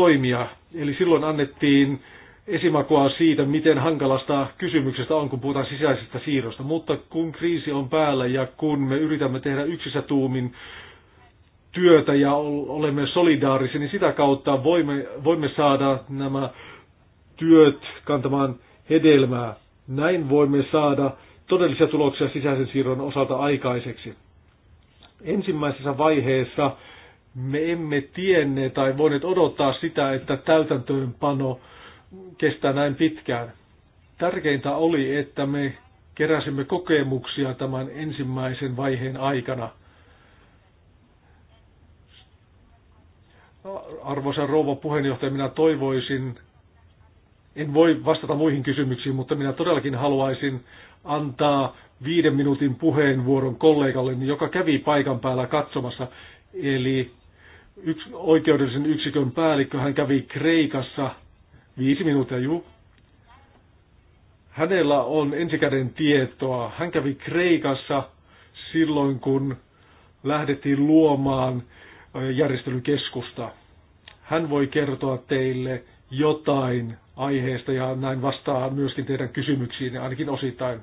toimia. Eli silloin annettiin esimakua siitä, miten hankalasta kysymyksestä on, kun puhutaan sisäisestä siirrosta. Mutta kun kriisi on päällä ja kun me yritämme tehdä yksissä tuumin työtä ja olemme solidaarisia, niin sitä kautta voimme, voimme saada nämä työt kantamaan hedelmää. Näin voimme saada todellisia tuloksia sisäisen siirron osalta aikaiseksi. Ensimmäisessä vaiheessa me emme tienneet tai voineet odottaa sitä, että täytäntöönpano kestää näin pitkään. Tärkeintä oli, että me keräsimme kokemuksia tämän ensimmäisen vaiheen aikana. Arvoisa rouva puheenjohtaja, minä toivoisin, en voi vastata muihin kysymyksiin, mutta minä todellakin haluaisin antaa viiden minuutin puheenvuoron kollegalleni, joka kävi paikan päällä katsomassa, eli yks, oikeudellisen yksikön päällikkö, hän kävi Kreikassa viisi minuuttia, juu. Hänellä on ensikäden tietoa. Hän kävi Kreikassa silloin, kun lähdettiin luomaan järjestelykeskusta. Hän voi kertoa teille jotain aiheesta ja näin vastaa myöskin teidän kysymyksiin, ainakin osittain.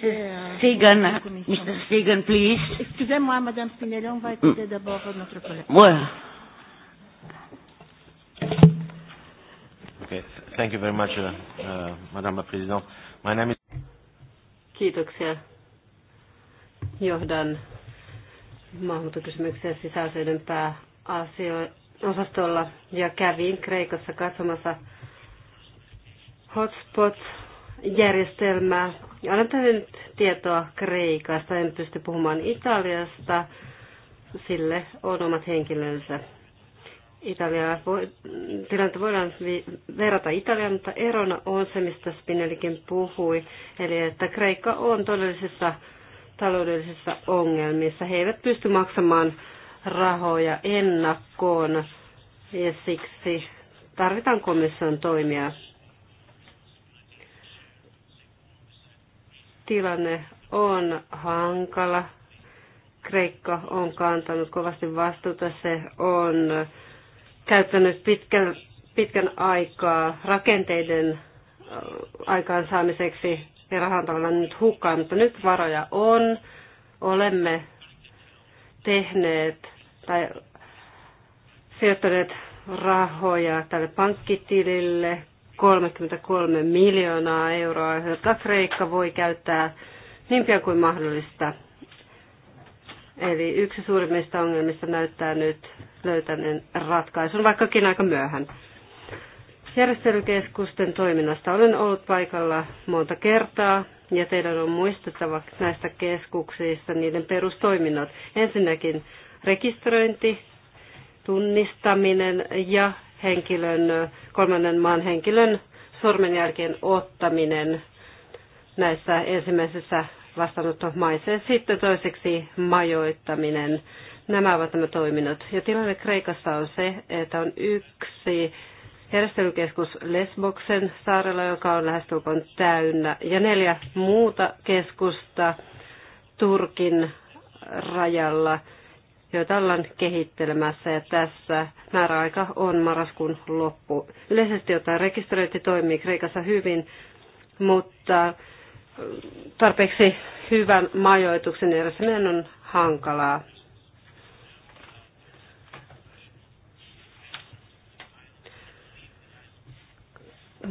Mr. Sagan, Mr. Sagan, please. Excusez-moi, Madame Spinelli, on va écouter d'abord notre collègue. Ouais. Okay, thank you very much, uh, uh, Madame la Présidente. My name is... Kiitoksia. Johdan maahanmuuttokysymyksiä sisäasioiden pääosastolla ja kävin Kreikassa katsomassa hotspot Järjestelmä. Olen tehnyt tietoa Kreikasta, en pysty puhumaan Italiasta, sille on omat henkilönsä. Italia voi, tilannetta voidaan vi, verrata Italiaan, mutta erona on se, mistä Spinellikin puhui, eli että Kreikka on todellisissa taloudellisissa ongelmissa. He eivät pysty maksamaan rahoja ennakkoon ja siksi tarvitaan komission toimia tilanne on hankala. Kreikka on kantanut kovasti vastuuta. Se on käyttänyt pitkän, pitkän aikaa rakenteiden aikaansaamiseksi ja rahan tavallaan nyt hukkaan, mutta nyt varoja on. Olemme tehneet tai sijoittaneet rahoja tälle pankkitilille, 33 miljoonaa euroa, jota Kreikka voi käyttää niin pian kuin mahdollista. Eli yksi suurimmista ongelmista näyttää nyt löytäneen ratkaisun, vaikkakin aika myöhään. Järjestelykeskusten toiminnasta olen ollut paikalla monta kertaa ja teidän on muistettava näistä keskuksista niiden perustoiminnot. Ensinnäkin rekisteröinti, tunnistaminen ja henkilön, kolmannen maan henkilön sormenjälkien ottaminen näissä ensimmäisissä vastaanottomaissa ja sitten toiseksi majoittaminen. Nämä ovat nämä toiminnot. Ja tilanne Kreikassa on se, että on yksi järjestelykeskus Lesboksen saarella, joka on lähestulkoon täynnä, ja neljä muuta keskusta Turkin rajalla – joita ollaan kehittelemässä ja tässä määräaika on marraskuun loppu. Yleisesti ottaen rekisteröinti toimii Kreikassa hyvin, mutta mm, tarpeeksi hyvän majoituksen järjestäminen on hankalaa.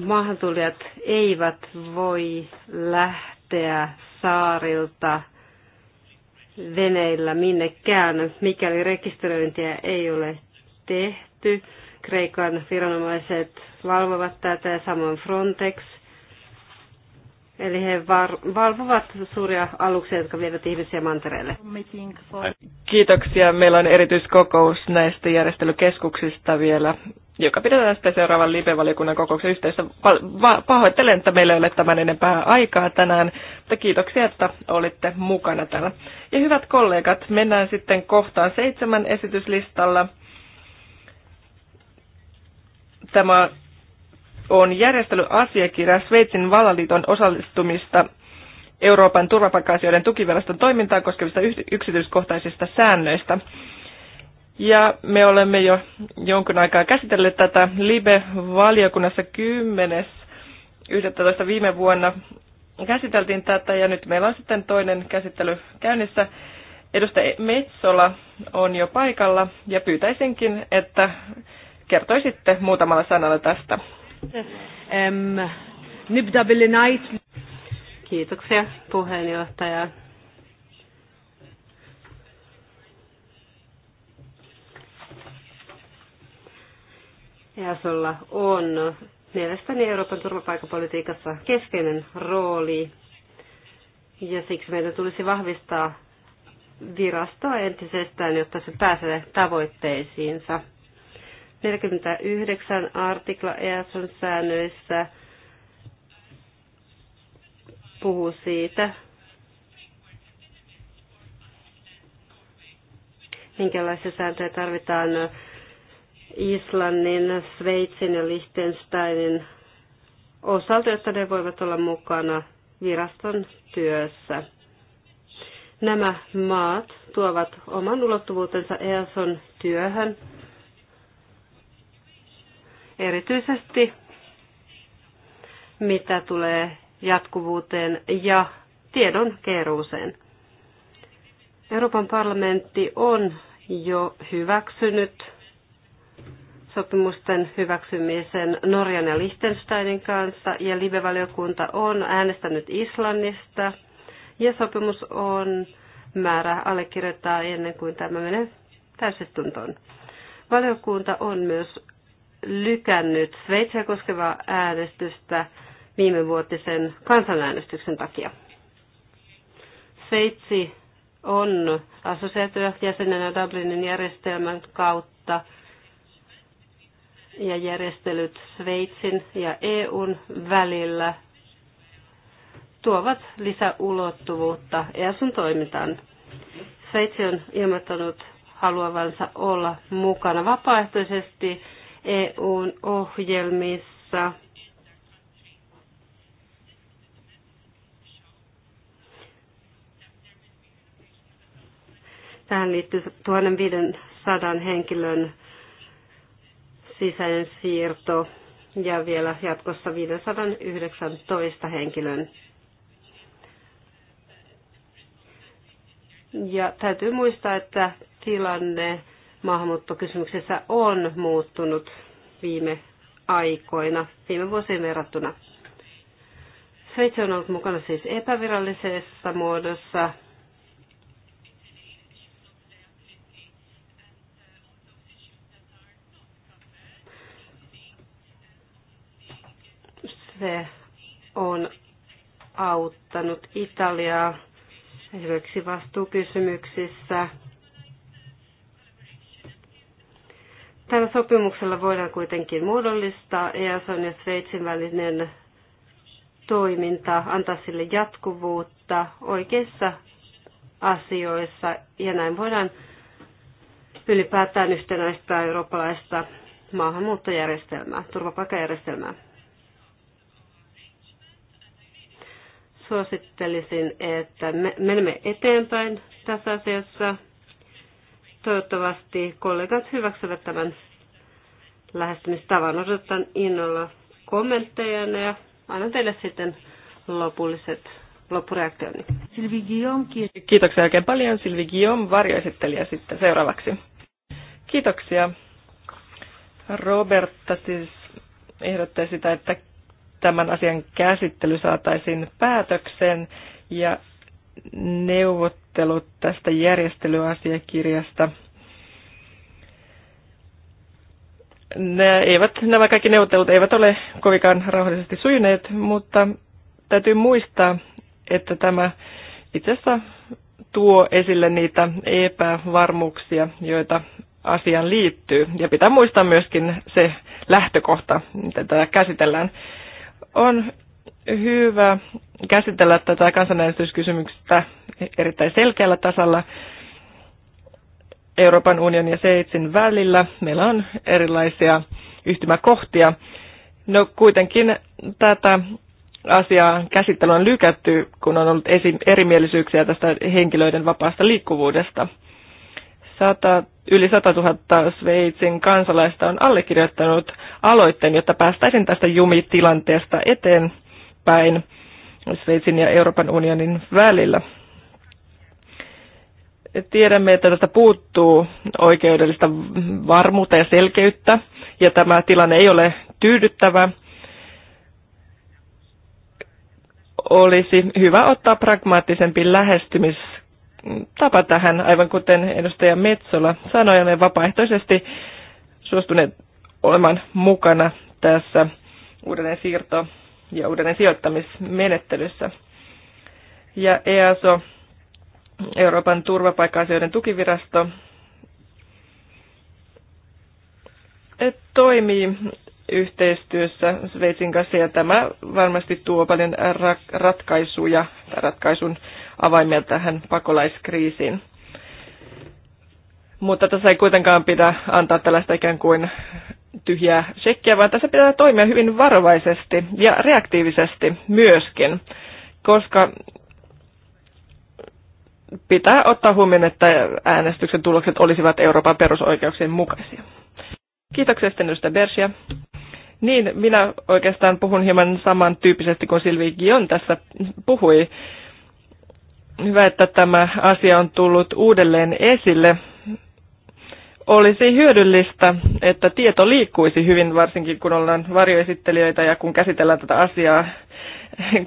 Maahantulijat eivät voi lähteä saarilta veneillä minnekään, mikäli rekisteröintiä ei ole tehty. Kreikan viranomaiset valvovat tätä ja samoin Frontex – Eli he valvovat suuria aluksia, jotka vievät ihmisiä mantereelle. Kiitoksia. Meillä on erityiskokous näistä järjestelykeskuksista vielä, joka pidetään sitten seuraavan live-valiokunnan kokouksen yhteydessä. Pahoittelen, että meillä ei ole tämän enempää aikaa tänään, mutta kiitoksia, että olitte mukana täällä. Ja hyvät kollegat, mennään sitten kohtaan seitsemän esityslistalla. Tämä on asiakirja Sveitsin valaliiton osallistumista Euroopan turvapaikka-asioiden tukiviraston toimintaa koskevista yksityiskohtaisista säännöistä. Ja me olemme jo jonkun aikaa käsitelleet tätä Libe-valiokunnassa 10.11. viime vuonna käsiteltiin tätä ja nyt meillä on sitten toinen käsittely käynnissä. Edustaja Metsola on jo paikalla ja pyytäisinkin, että kertoisitte muutamalla sanalla tästä. Nibda billinajt. Kiitoksia puheenjohtaja. EASOlla on mielestäni Euroopan turvapaikkapolitiikassa keskeinen rooli ja siksi meidän tulisi vahvistaa virastoa entisestään, jotta se pääsee tavoitteisiinsa. 49 artikla EASON säännöissä puhuu siitä, minkälaisia sääntöjä tarvitaan Islannin, Sveitsin ja Liechtensteinin osalta, jotta ne voivat olla mukana viraston työssä. Nämä maat tuovat oman ulottuvuutensa EASON työhön erityisesti mitä tulee jatkuvuuteen ja tiedon keruuseen. Euroopan parlamentti on jo hyväksynyt sopimusten hyväksymisen Norjan ja Liechtensteinin kanssa ja live-valiokunta on äänestänyt Islannista ja sopimus on määrä allekirjoittaa ennen kuin tämä menee täysistuntoon. Valiokunta on myös lykännyt Sveitsiä koskevaa äänestystä viime vuotisen kansanäänestyksen takia. Sveitsi on jäsenenä Dublinin järjestelmän kautta ja järjestelyt Sveitsin ja EUn välillä tuovat lisäulottuvuutta EASun toimintaan. Sveitsi on ilmoittanut haluavansa olla mukana vapaaehtoisesti EUn ohjelmissa. Tähän liittyy 1500 henkilön sisäinen siirto ja vielä jatkossa 519 henkilön. Ja täytyy muistaa, että tilanne maahanmuuttokysymyksessä on muuttunut viime aikoina, viime vuosien verrattuna. Sveitsi on ollut mukana siis epävirallisessa muodossa. Se on auttanut Italiaa esimerkiksi vastuukysymyksissä. Tällä sopimuksella voidaan kuitenkin muodollistaa EASON ja Sveitsin välinen toiminta, antaa sille jatkuvuutta oikeissa asioissa ja näin voidaan ylipäätään yhtenäistä eurooppalaista maahanmuuttojärjestelmää, turvapaikkajärjestelmää. Suosittelisin, että menemme eteenpäin tässä asiassa Toivottavasti kollegat hyväksyvät tämän lähestymistavan. Odotan innolla kommentteja ja annan teille sitten lopulliset loppureaktioni. Silvi Guillaume, kiitos. Kiitoksia oikein paljon. Silvi Guillaume, varjoesittelijä sitten seuraavaksi. Kiitoksia. Roberta siis ehdottaa sitä, että tämän asian käsittely saataisiin päätöksen ja neuvot keskustelut tästä järjestelyasiakirjasta. Ne eivät, nämä kaikki neuvottelut eivät ole kovinkaan rauhallisesti sujuneet, mutta täytyy muistaa, että tämä itse asiassa tuo esille niitä epävarmuuksia, joita asiaan liittyy. Ja pitää muistaa myöskin se lähtökohta, mitä tätä käsitellään. On hyvä käsitellä tätä kansanäänestyskysymystä erittäin selkeällä tasalla Euroopan unionin ja Seitsin välillä. Meillä on erilaisia yhtymäkohtia. No kuitenkin tätä asiaa käsittely on lykätty, kun on ollut erimielisyyksiä tästä henkilöiden vapaasta liikkuvuudesta. Sata, yli 100 000 Sveitsin kansalaista on allekirjoittanut aloitteen, jotta päästäisiin tästä jumitilanteesta eteenpäin Sveitsin ja Euroopan unionin välillä. Tiedämme, että tästä puuttuu oikeudellista varmuutta ja selkeyttä, ja tämä tilanne ei ole tyydyttävä. Olisi hyvä ottaa pragmaattisempi lähestymistapa tähän, aivan kuten edustaja Metsola sanoi, ja me vapaaehtoisesti suostuneet olemaan mukana tässä uudelleen siirto- ja uudelleen sijoittamismenettelyssä. Ja EASO Euroopan turvapaikka-asioiden tukivirasto toimii yhteistyössä Sveitsin kanssa ja tämä varmasti tuo paljon ratkaisuja tai ratkaisun avaimia tähän pakolaiskriisiin. Mutta tässä ei kuitenkaan pidä antaa tällaista ikään kuin tyhjää shekkiä, vaan tässä pitää toimia hyvin varovaisesti ja reaktiivisesti myöskin, koska pitää ottaa huomioon, että äänestyksen tulokset olisivat Euroopan perusoikeuksien mukaisia. Kiitoksia sitten edustaja Bersia. Niin, minä oikeastaan puhun hieman samantyyppisesti kuin Silvi Gion tässä puhui. Hyvä, että tämä asia on tullut uudelleen esille. Olisi hyödyllistä, että tieto liikkuisi hyvin, varsinkin kun ollaan varjoesittelijöitä ja kun käsitellään tätä asiaa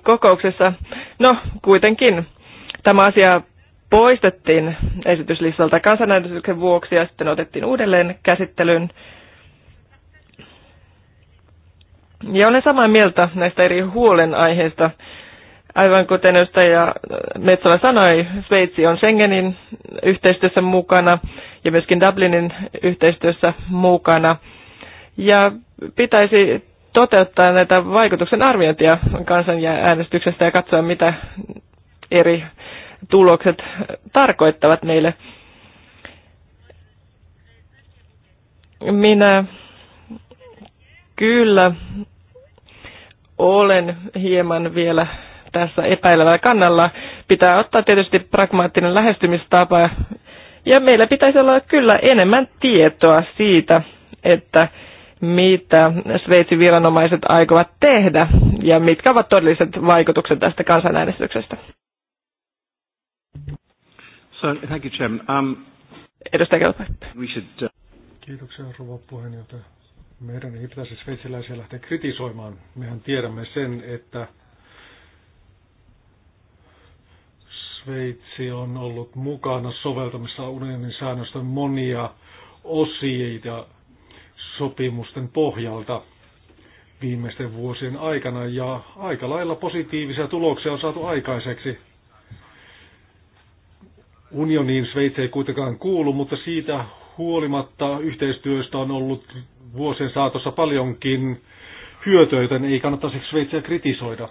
kokouksessa. No, kuitenkin tämä asia poistettiin esityslistalta kansanäänestyksen vuoksi ja sitten otettiin uudelleen käsittelyyn. Ja olen samaa mieltä näistä eri huolenaiheista. Aivan kuten ja Metsola sanoi, Sveitsi on Schengenin yhteistyössä mukana ja myöskin Dublinin yhteistyössä mukana. Ja pitäisi toteuttaa näitä vaikutuksen arviointia kansanäänestyksestä ja katsoa, mitä eri tulokset tarkoittavat meille. Minä kyllä olen hieman vielä tässä epäilevällä kannalla. Pitää ottaa tietysti pragmaattinen lähestymistapa ja meillä pitäisi olla kyllä enemmän tietoa siitä, että mitä Sveitsin viranomaiset aikovat tehdä ja mitkä ovat todelliset vaikutukset tästä kansanäänestyksestä. So, thank you, Chairman. Um, Edustaja Kelpa. We should, uh... Kiitoksia, rouva puheenjohtaja. Meidän ei pitäisi sveitsiläisiä lähteä kritisoimaan. Mehän tiedämme sen, että Sveitsi on ollut mukana soveltamassa unionin säännösten monia osia sopimusten pohjalta viimeisten vuosien aikana ja aika lailla positiivisia tuloksia on saatu aikaiseksi. Unioniin Sveitsi ei kuitenkaan kuulu, mutta siitä huolimatta yhteistyöstä on ollut vuosien saatossa paljonkin hyötyä, joten ei kannattaisi siis Sveitsiä kritisoida.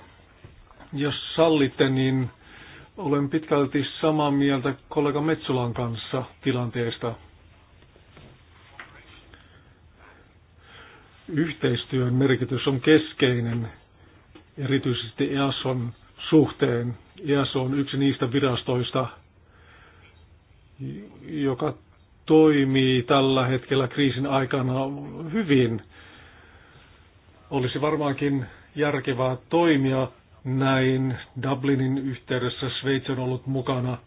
Jos sallitte, niin olen pitkälti samaa mieltä kollega Metsulan kanssa tilanteesta. Yhteistyön merkitys on keskeinen, erityisesti EASON suhteen. EASO on yksi niistä virastoista, joka toimii tällä hetkellä kriisin aikana hyvin. Olisi varmaankin järkevää toimia näin. Dublinin yhteydessä Sveitsi on ollut mukana.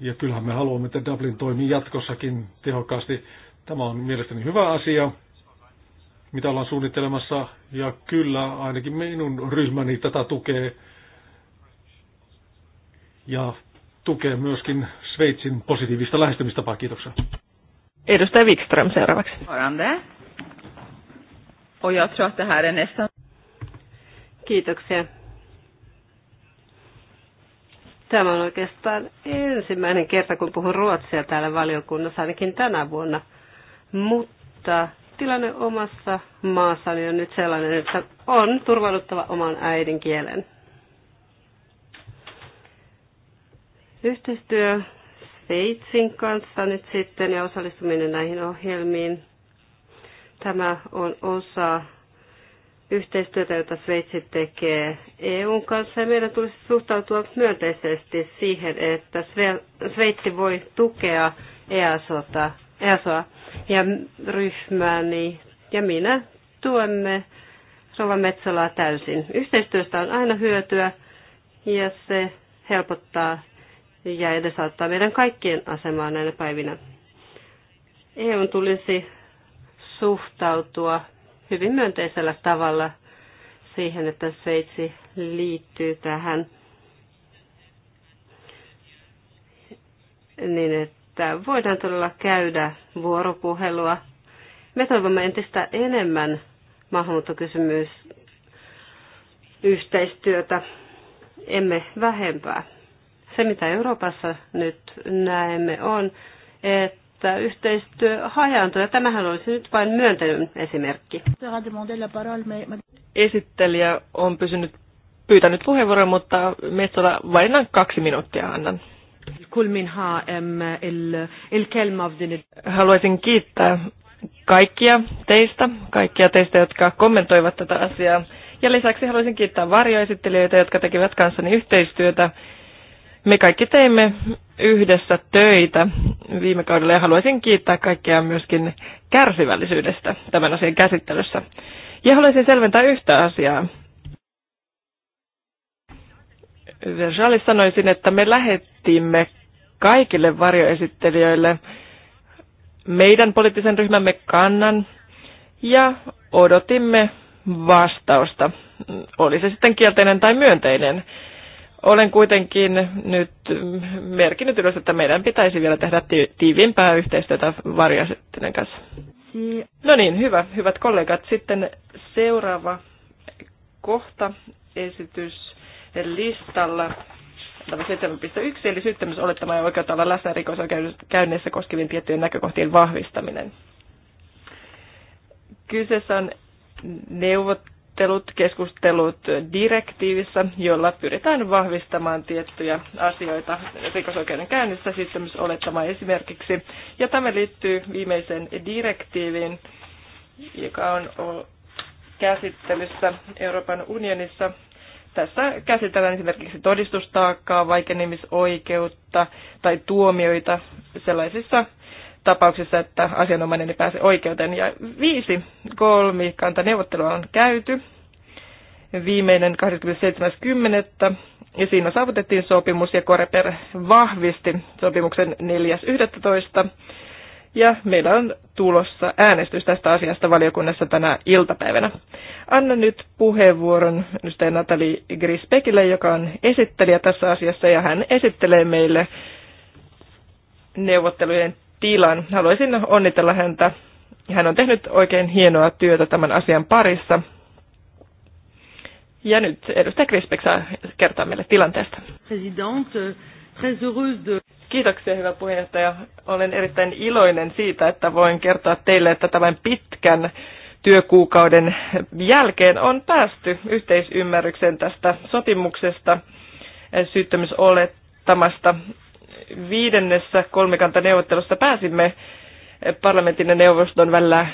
Ja kyllähän me haluamme, että Dublin toimii jatkossakin tehokkaasti. Tämä on mielestäni hyvä asia, mitä ollaan suunnittelemassa. Ja kyllä, ainakin minun ryhmäni tätä tukee ja tukee myöskin Sveitsin positiivista lähestymistapaa. Kiitoksia. Edustaja Wikström seuraavaksi. Kiitoksia. Tämä on oikeastaan ensimmäinen kerta, kun puhun ruotsia täällä valiokunnassa, ainakin tänä vuonna. Mutta tilanne omassa maassani on nyt sellainen, että on turvauduttava oman äidinkielen. Yhteistyö Sveitsin kanssa nyt sitten ja osallistuminen näihin ohjelmiin. Tämä on osa yhteistyötä, jota Sveitsi tekee EUn kanssa ja meidän tulisi suhtautua myönteisesti siihen, että Sveitsi voi tukea EASOta, EASOa ja ryhmääni ja minä tuemme Rova Metsälaa täysin. Yhteistyöstä on aina hyötyä ja se helpottaa ja edesauttaa meidän kaikkien asemaa näinä päivinä. EUn tulisi suhtautua hyvin myönteisellä tavalla siihen, että Sveitsi liittyy tähän niin, että voidaan todella käydä vuoropuhelua. Me toivomme entistä enemmän maahanmuuttokysymys yhteistyötä, emme vähempää. Se, mitä Euroopassa nyt näemme, on, että yhteistyö hajaantuu, ja tämähän olisi nyt vain myönteinen esimerkki. Esittelijä on pysynyt, pyytänyt puheenvuoron, mutta Metsola vain kaksi minuuttia annan. Haluaisin kiittää kaikkia teistä, kaikkia teistä, jotka kommentoivat tätä asiaa. Ja lisäksi haluaisin kiittää varjoesittelijöitä, jotka tekivät kanssani yhteistyötä me kaikki teimme yhdessä töitä viime kaudella ja haluaisin kiittää kaikkia myöskin kärsivällisyydestä tämän asian käsittelyssä. Ja haluaisin selventää yhtä asiaa. Verjali sanoisin, että me lähettimme kaikille varjoesittelijöille meidän poliittisen ryhmämme kannan ja odotimme vastausta, oli se sitten kielteinen tai myönteinen. Olen kuitenkin nyt merkinnyt ylös, että meidän pitäisi vielä tehdä tiiviimpää yhteistyötä varjasettinen kanssa. No niin, hyvä, hyvät kollegat. Sitten seuraava kohta esitys listalla 7.1, eli olettama ja oikeutta olla läsnä rikosoikeudessa koskevien tiettyjen näkökohtien vahvistaminen. Kyseessä on neuvot neuvottelut, keskustelut direktiivissä, jolla pyritään vahvistamaan tiettyjä asioita rikosoikeuden käynnissä olettamaan esimerkiksi. Ja tämä liittyy viimeiseen direktiiviin, joka on käsittelyssä Euroopan unionissa. Tässä käsitellään esimerkiksi todistustaakkaa, vaikenemisoikeutta tai tuomioita sellaisissa tapauksessa, että asianomainen ei pääse oikeuteen. Ja viisi kolmikanta neuvottelua on käyty. Viimeinen 27.10. Ja siinä saavutettiin sopimus ja Koreper vahvisti sopimuksen 4.11. Ja meillä on tulossa äänestys tästä asiasta valiokunnassa tänä iltapäivänä. Anna nyt puheenvuoron ystävä Natali Grispekille, joka on esittelijä tässä asiassa ja hän esittelee meille neuvottelujen tilan. Haluaisin onnitella häntä. Hän on tehnyt oikein hienoa työtä tämän asian parissa. Ja nyt edustaja Krispek saa kertoa meille tilanteesta. Kiitoksia, hyvä puheenjohtaja. Olen erittäin iloinen siitä, että voin kertoa teille, että tämän pitkän työkuukauden jälkeen on päästy yhteisymmärryksen tästä sopimuksesta syyttömyysolettamasta viidennessä kolmikantaneuvottelussa pääsimme parlamentin ja neuvoston välillä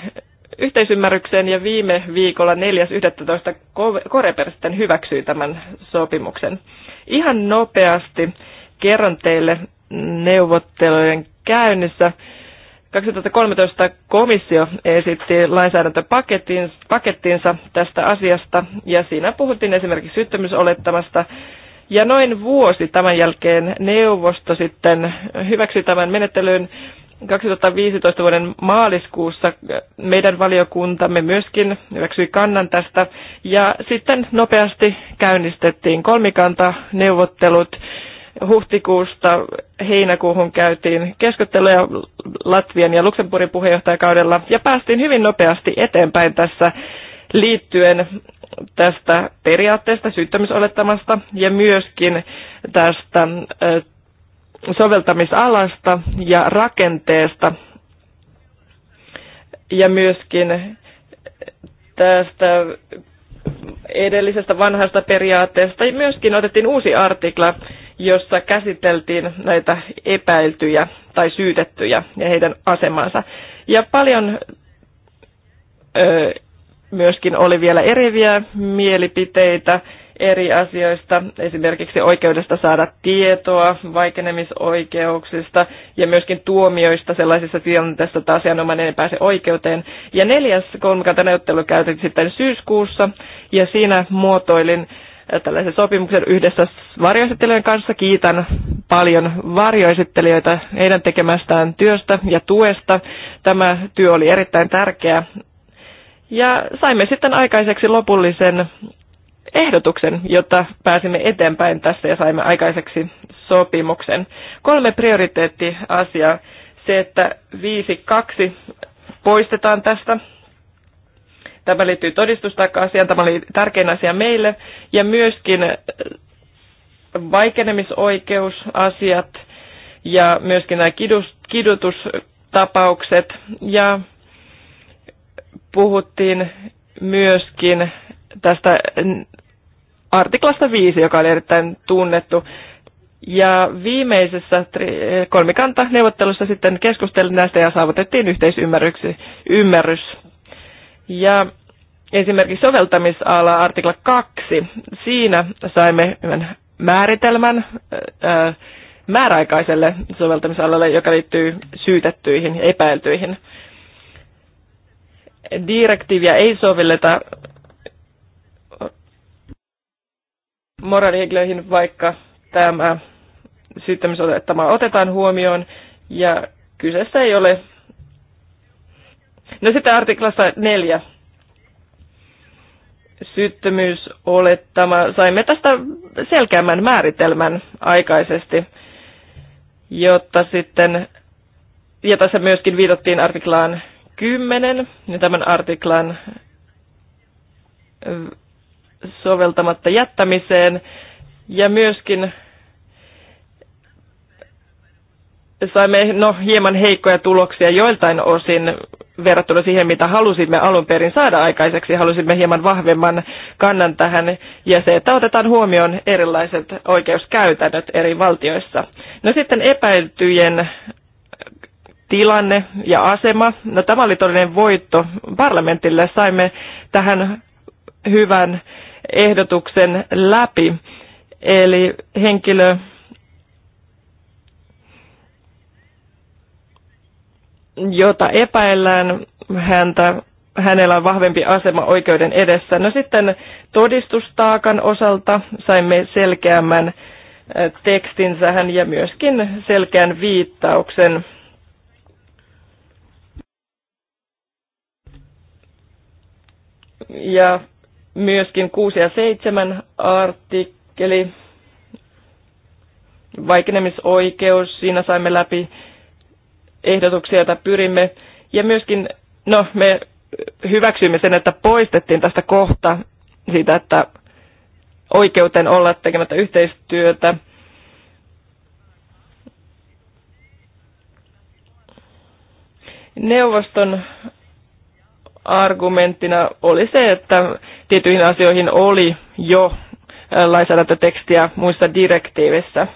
yhteisymmärrykseen ja viime viikolla 4.11. Koreper sitten hyväksyi tämän sopimuksen. Ihan nopeasti kerron teille neuvottelujen käynnissä. 2013 komissio esitti lainsäädäntöpakettinsa tästä asiasta ja siinä puhuttiin esimerkiksi syyttömyysolettamasta, ja noin vuosi tämän jälkeen neuvosto sitten hyväksyi tämän menettelyn 2015 vuoden maaliskuussa meidän valiokuntamme myöskin hyväksyi kannan tästä ja sitten nopeasti käynnistettiin kolmikanta neuvottelut huhtikuusta heinäkuuhun käytiin keskusteluja Latvian ja Luxemburgin puheenjohtajakaudella ja päästiin hyvin nopeasti eteenpäin tässä liittyen tästä periaatteesta, syyttämisolettamasta ja myöskin tästä soveltamisalasta ja rakenteesta ja myöskin tästä edellisestä vanhasta periaatteesta. Myöskin otettiin uusi artikla, jossa käsiteltiin näitä epäiltyjä tai syytettyjä ja heidän asemansa. Ja paljon ö, myöskin oli vielä eriviä mielipiteitä eri asioista, esimerkiksi oikeudesta saada tietoa, vaikenemisoikeuksista ja myöskin tuomioista sellaisissa tilanteissa, että asianomainen ei pääse oikeuteen. Ja neljäs neuvottelu käytiin sitten syyskuussa ja siinä muotoilin äh, tällaisen sopimuksen yhdessä varjoesittelijöiden kanssa. Kiitän paljon varjoesittelijöitä heidän tekemästään työstä ja tuesta. Tämä työ oli erittäin tärkeä ja saimme sitten aikaiseksi lopullisen ehdotuksen, jotta pääsimme eteenpäin tässä ja saimme aikaiseksi sopimuksen. Kolme prioriteettiasiaa. Se, että 5.2 poistetaan tästä. Tämä liittyy todistustaakka-asiaan, tämä oli tärkein asia meille. Ja myöskin äh, vaikenemisoikeusasiat ja myöskin nämä kidutustapaukset ja puhuttiin myöskin tästä artiklasta 5, joka oli erittäin tunnettu. Ja viimeisessä kolmikantaneuvottelussa sitten keskustelin näistä ja saavutettiin ymmärrys. Ja esimerkiksi soveltamisala artikla 2, siinä saimme määritelmän ää, määräaikaiselle soveltamisalalle, joka liittyy syytettyihin epäiltyihin direktiiviä ei sovelleta moraalihenkilöihin, vaikka tämä syyttämisotettama otetaan huomioon, ja kyseessä ei ole... No sitten artiklassa neljä syyttömyysolettama. Saimme tästä selkeämmän määritelmän aikaisesti, jotta sitten, ja tässä myöskin viitattiin artiklaan 10 ja niin tämän artiklan soveltamatta jättämiseen ja myöskin saimme no, hieman heikkoja tuloksia joiltain osin verrattuna siihen, mitä halusimme alun perin saada aikaiseksi. Halusimme hieman vahvemman kannan tähän ja se, että otetaan huomioon erilaiset oikeuskäytännöt eri valtioissa. No sitten epäiltyjen tilanne ja asema. No, tämä oli todellinen voitto parlamentille. Saimme tähän hyvän ehdotuksen läpi. Eli henkilö jota epäillään, häntä, hänellä on vahvempi asema oikeuden edessä. No sitten todistustaakan osalta saimme selkeämmän eh, tekstinsä ja myöskin selkeän viittauksen Ja myöskin 6 ja 7 artikkeli, vaikenemisoikeus, siinä saimme läpi ehdotuksia, joita pyrimme. Ja myöskin, no me hyväksyimme sen, että poistettiin tästä kohta siitä, että oikeuteen olla tekemättä yhteistyötä. Neuvoston argumenttina oli se, että tiettyihin asioihin oli jo lainsäädäntötekstiä muissa direktiivissä.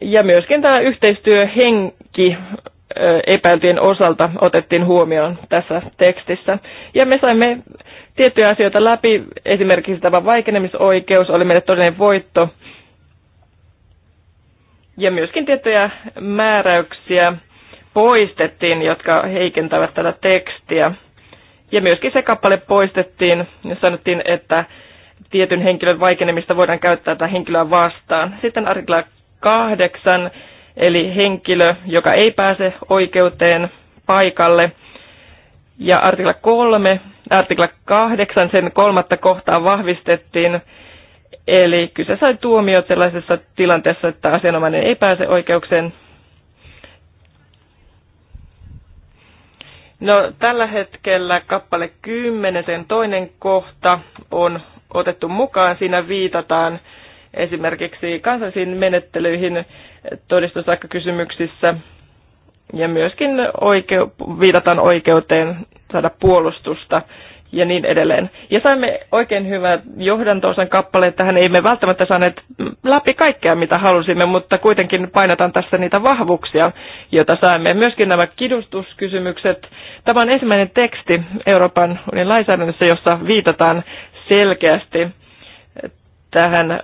Ja myöskin tämä yhteistyöhenki epäiltyjen osalta otettiin huomioon tässä tekstissä. Ja me saimme tiettyjä asioita läpi, esimerkiksi tämä vaikenemisoikeus oli meille todellinen voitto. Ja myöskin tiettyjä määräyksiä poistettiin, jotka heikentävät tätä tekstiä. Ja myöskin se kappale poistettiin ja sanottiin, että tietyn henkilön vaikenemista voidaan käyttää tätä henkilöä vastaan. Sitten artikla 8, eli henkilö, joka ei pääse oikeuteen paikalle. Ja artikla 3, artikla 8, sen kolmatta kohtaa vahvistettiin, eli kyseessä sai tuomio sellaisessa tilanteessa, että asianomainen ei pääse oikeukseen No, tällä hetkellä kappale 10, sen toinen kohta on otettu mukaan. Siinä viitataan esimerkiksi kansallisiin menettelyihin todistusaikakysymyksissä ja myöskin oikeu- viitataan oikeuteen saada puolustusta ja niin edelleen. Ja saimme oikein hyvät kappaleen, kappaleet tähän. Ei me välttämättä saaneet läpi kaikkea, mitä halusimme, mutta kuitenkin painotan tässä niitä vahvuuksia, joita saimme. Myöskin nämä kidustuskysymykset. Tämä on ensimmäinen teksti Euroopan unionin lainsäädännössä, jossa viitataan selkeästi tähän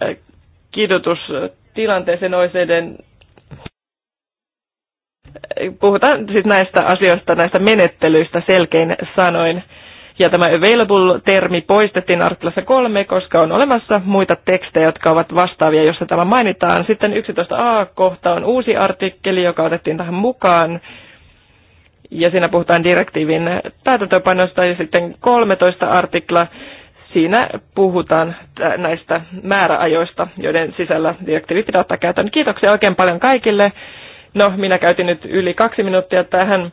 kidutustilanteeseen oiseiden puhutaan siis näistä asioista, näistä menettelyistä selkein sanoin. Ja tämä available-termi poistettiin artiklassa 3, koska on olemassa muita tekstejä, jotka ovat vastaavia, jossa tämä mainitaan. Sitten 11a-kohta on uusi artikkeli, joka otettiin tähän mukaan. Ja siinä puhutaan direktiivin täytäntöönpanosta ja sitten 13 artikla. Siinä puhutaan näistä määräajoista, joiden sisällä direktiivi pitää ottaa käytön. Kiitoksia oikein paljon kaikille. No, minä käytin nyt yli kaksi minuuttia tähän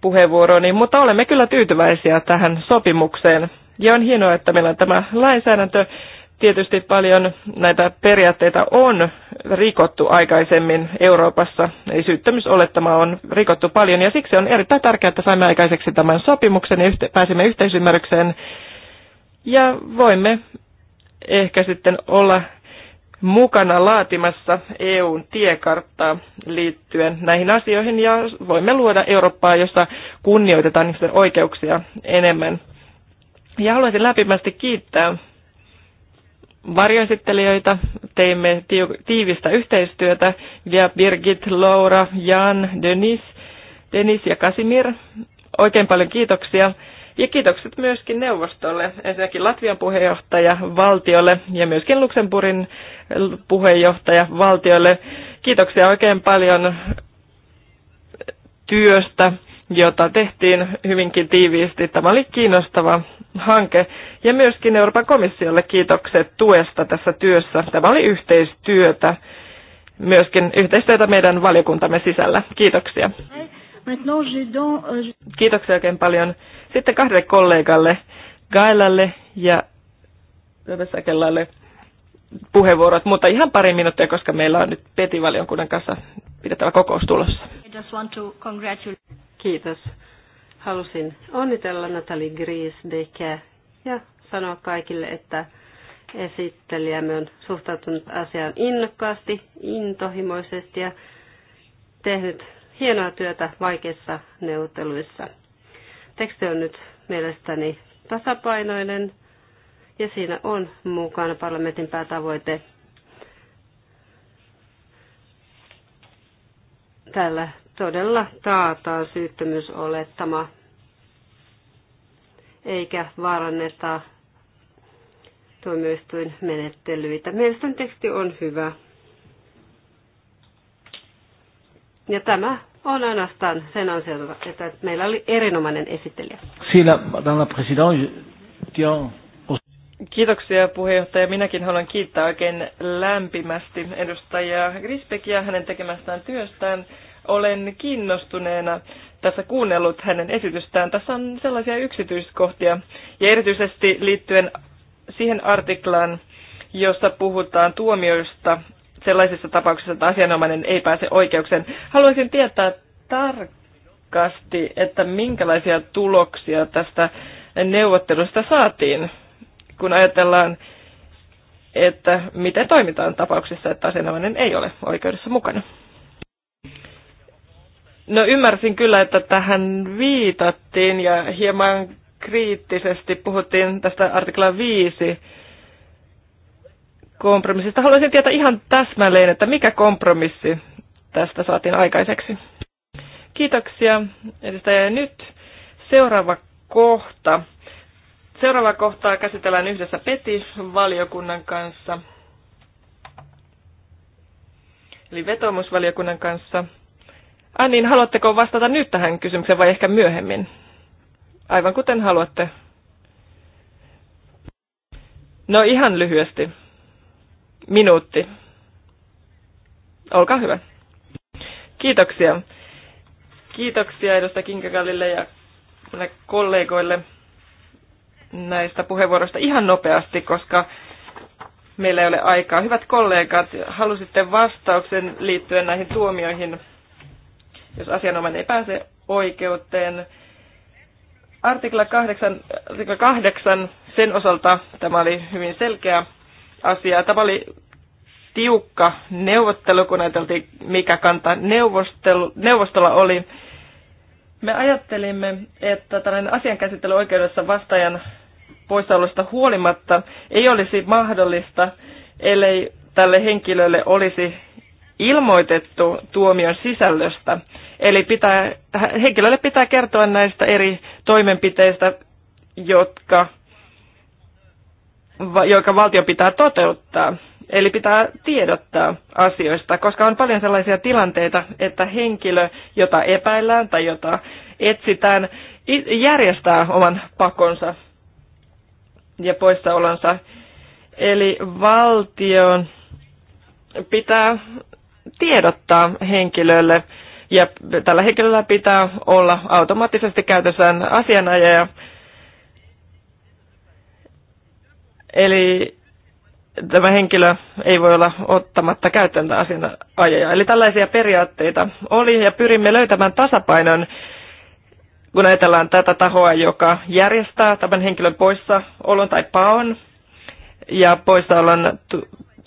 puheenvuoroni, mutta olemme kyllä tyytyväisiä tähän sopimukseen. Ja on hienoa, että meillä on tämä lainsäädäntö. Tietysti paljon näitä periaatteita on rikottu aikaisemmin Euroopassa, eli syyttämysolettama on rikottu paljon, ja siksi on erittäin tärkeää, että saimme aikaiseksi tämän sopimuksen ja yhte- pääsimme yhteisymmärrykseen, ja voimme ehkä sitten olla mukana laatimassa EUn tiekarttaa liittyen näihin asioihin ja voimme luoda Eurooppaa, jossa kunnioitetaan ihmisten oikeuksia enemmän. Ja haluaisin lämpimästi kiittää varjoesittelijöitä. Teimme tiivistä yhteistyötä ja Birgit, Laura, Jan, Denis, Denis ja Kasimir. Oikein paljon kiitoksia ja kiitokset myöskin neuvostolle, ensinnäkin Latvian puheenjohtaja valtiolle ja myöskin Luxemburgin puheenjohtaja valtiolle. Kiitoksia oikein paljon työstä, jota tehtiin hyvinkin tiiviisti. Tämä oli kiinnostava hanke. Ja myöskin Euroopan komissiolle kiitokset tuesta tässä työssä. Tämä oli yhteistyötä, myöskin yhteistyötä meidän valiokuntamme sisällä. Kiitoksia. Euh, Kiitoksia oikein paljon. Sitten kahdelle kollegalle, Gailalle ja Sakelalle puheenvuorot, mutta ihan pari minuuttia, koska meillä on nyt PETI-valiokunnan kanssa pidettävä kokous tulossa. Kiitos. Halusin onnitella Natalie Griesbeckia ja sanoa kaikille, että esittelijämme on suhtautunut asiaan innokkaasti, intohimoisesti ja tehnyt hienoa työtä vaikeissa neuvotteluissa. Teksti on nyt mielestäni tasapainoinen ja siinä on mukana parlamentin päätavoite tällä todella taataan olettama, eikä vaaranneta tuomioistuin menettelyitä. Mielestäni teksti on hyvä. Ja tämä on ainoastaan sen ansiota, että meillä oli erinomainen esittelijä. Sillä, madame president, Kiitoksia puheenjohtaja. Minäkin haluan kiittää oikein lämpimästi edustajaa Grisbeckia hänen tekemästään työstään. Olen kiinnostuneena tässä kuunnellut hänen esitystään. Tässä on sellaisia yksityiskohtia ja erityisesti liittyen siihen artiklaan, jossa puhutaan tuomioista sellaisessa tapauksissa, että asianomainen ei pääse oikeukseen. Haluaisin tietää tarkasti, että minkälaisia tuloksia tästä neuvottelusta saatiin, kun ajatellaan, että miten toimitaan tapauksissa, että asianomainen ei ole oikeudessa mukana. No ymmärsin kyllä, että tähän viitattiin ja hieman kriittisesti puhuttiin tästä artikla 5 kompromissista. Haluaisin tietää ihan täsmälleen, että mikä kompromissi tästä saatiin aikaiseksi. Kiitoksia edustaja. Ja nyt seuraava kohta. Seuraava kohtaa käsitellään yhdessä PETI-valiokunnan kanssa, eli vetomusvaliokunnan kanssa. Ah niin, haluatteko vastata nyt tähän kysymykseen vai ehkä myöhemmin? Aivan kuten haluatte. No ihan lyhyesti minuutti. Olkaa hyvä. Kiitoksia. Kiitoksia edustaja Kinkakallille ja kollegoille näistä puheenvuoroista ihan nopeasti, koska meillä ei ole aikaa. Hyvät kollegat, halusitte vastauksen liittyen näihin tuomioihin, jos asianomainen ei pääse oikeuteen. Artikla 8, artikla 8, sen osalta tämä oli hyvin selkeä asiaa. Tämä oli tiukka neuvottelu, kun ajateltiin, mikä kanta neuvostolla oli. Me ajattelimme, että tällainen käsittely oikeudessa vastaajan poissaolosta huolimatta ei olisi mahdollista, ellei tälle henkilölle olisi ilmoitettu tuomion sisällöstä. Eli pitää, henkilölle pitää kertoa näistä eri toimenpiteistä, jotka joka valtio pitää toteuttaa. Eli pitää tiedottaa asioista, koska on paljon sellaisia tilanteita, että henkilö, jota epäillään tai jota etsitään, järjestää oman pakonsa ja poissaolonsa. Eli valtion pitää tiedottaa henkilölle ja tällä henkilöllä pitää olla automaattisesti käytössään asianajaja, Eli tämä henkilö ei voi olla ottamatta käytäntä asianajaja. Eli tällaisia periaatteita oli ja pyrimme löytämään tasapainon, kun ajatellaan tätä tahoa, joka järjestää tämän henkilön poissaolon tai paon ja poissaolon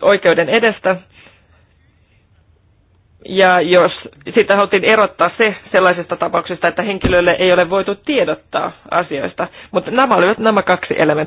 oikeuden edestä. Ja jos sitä haluttiin erottaa se sellaisesta tapauksesta, että henkilölle ei ole voitu tiedottaa asioista. Mutta nämä olivat nämä kaksi elementtiä.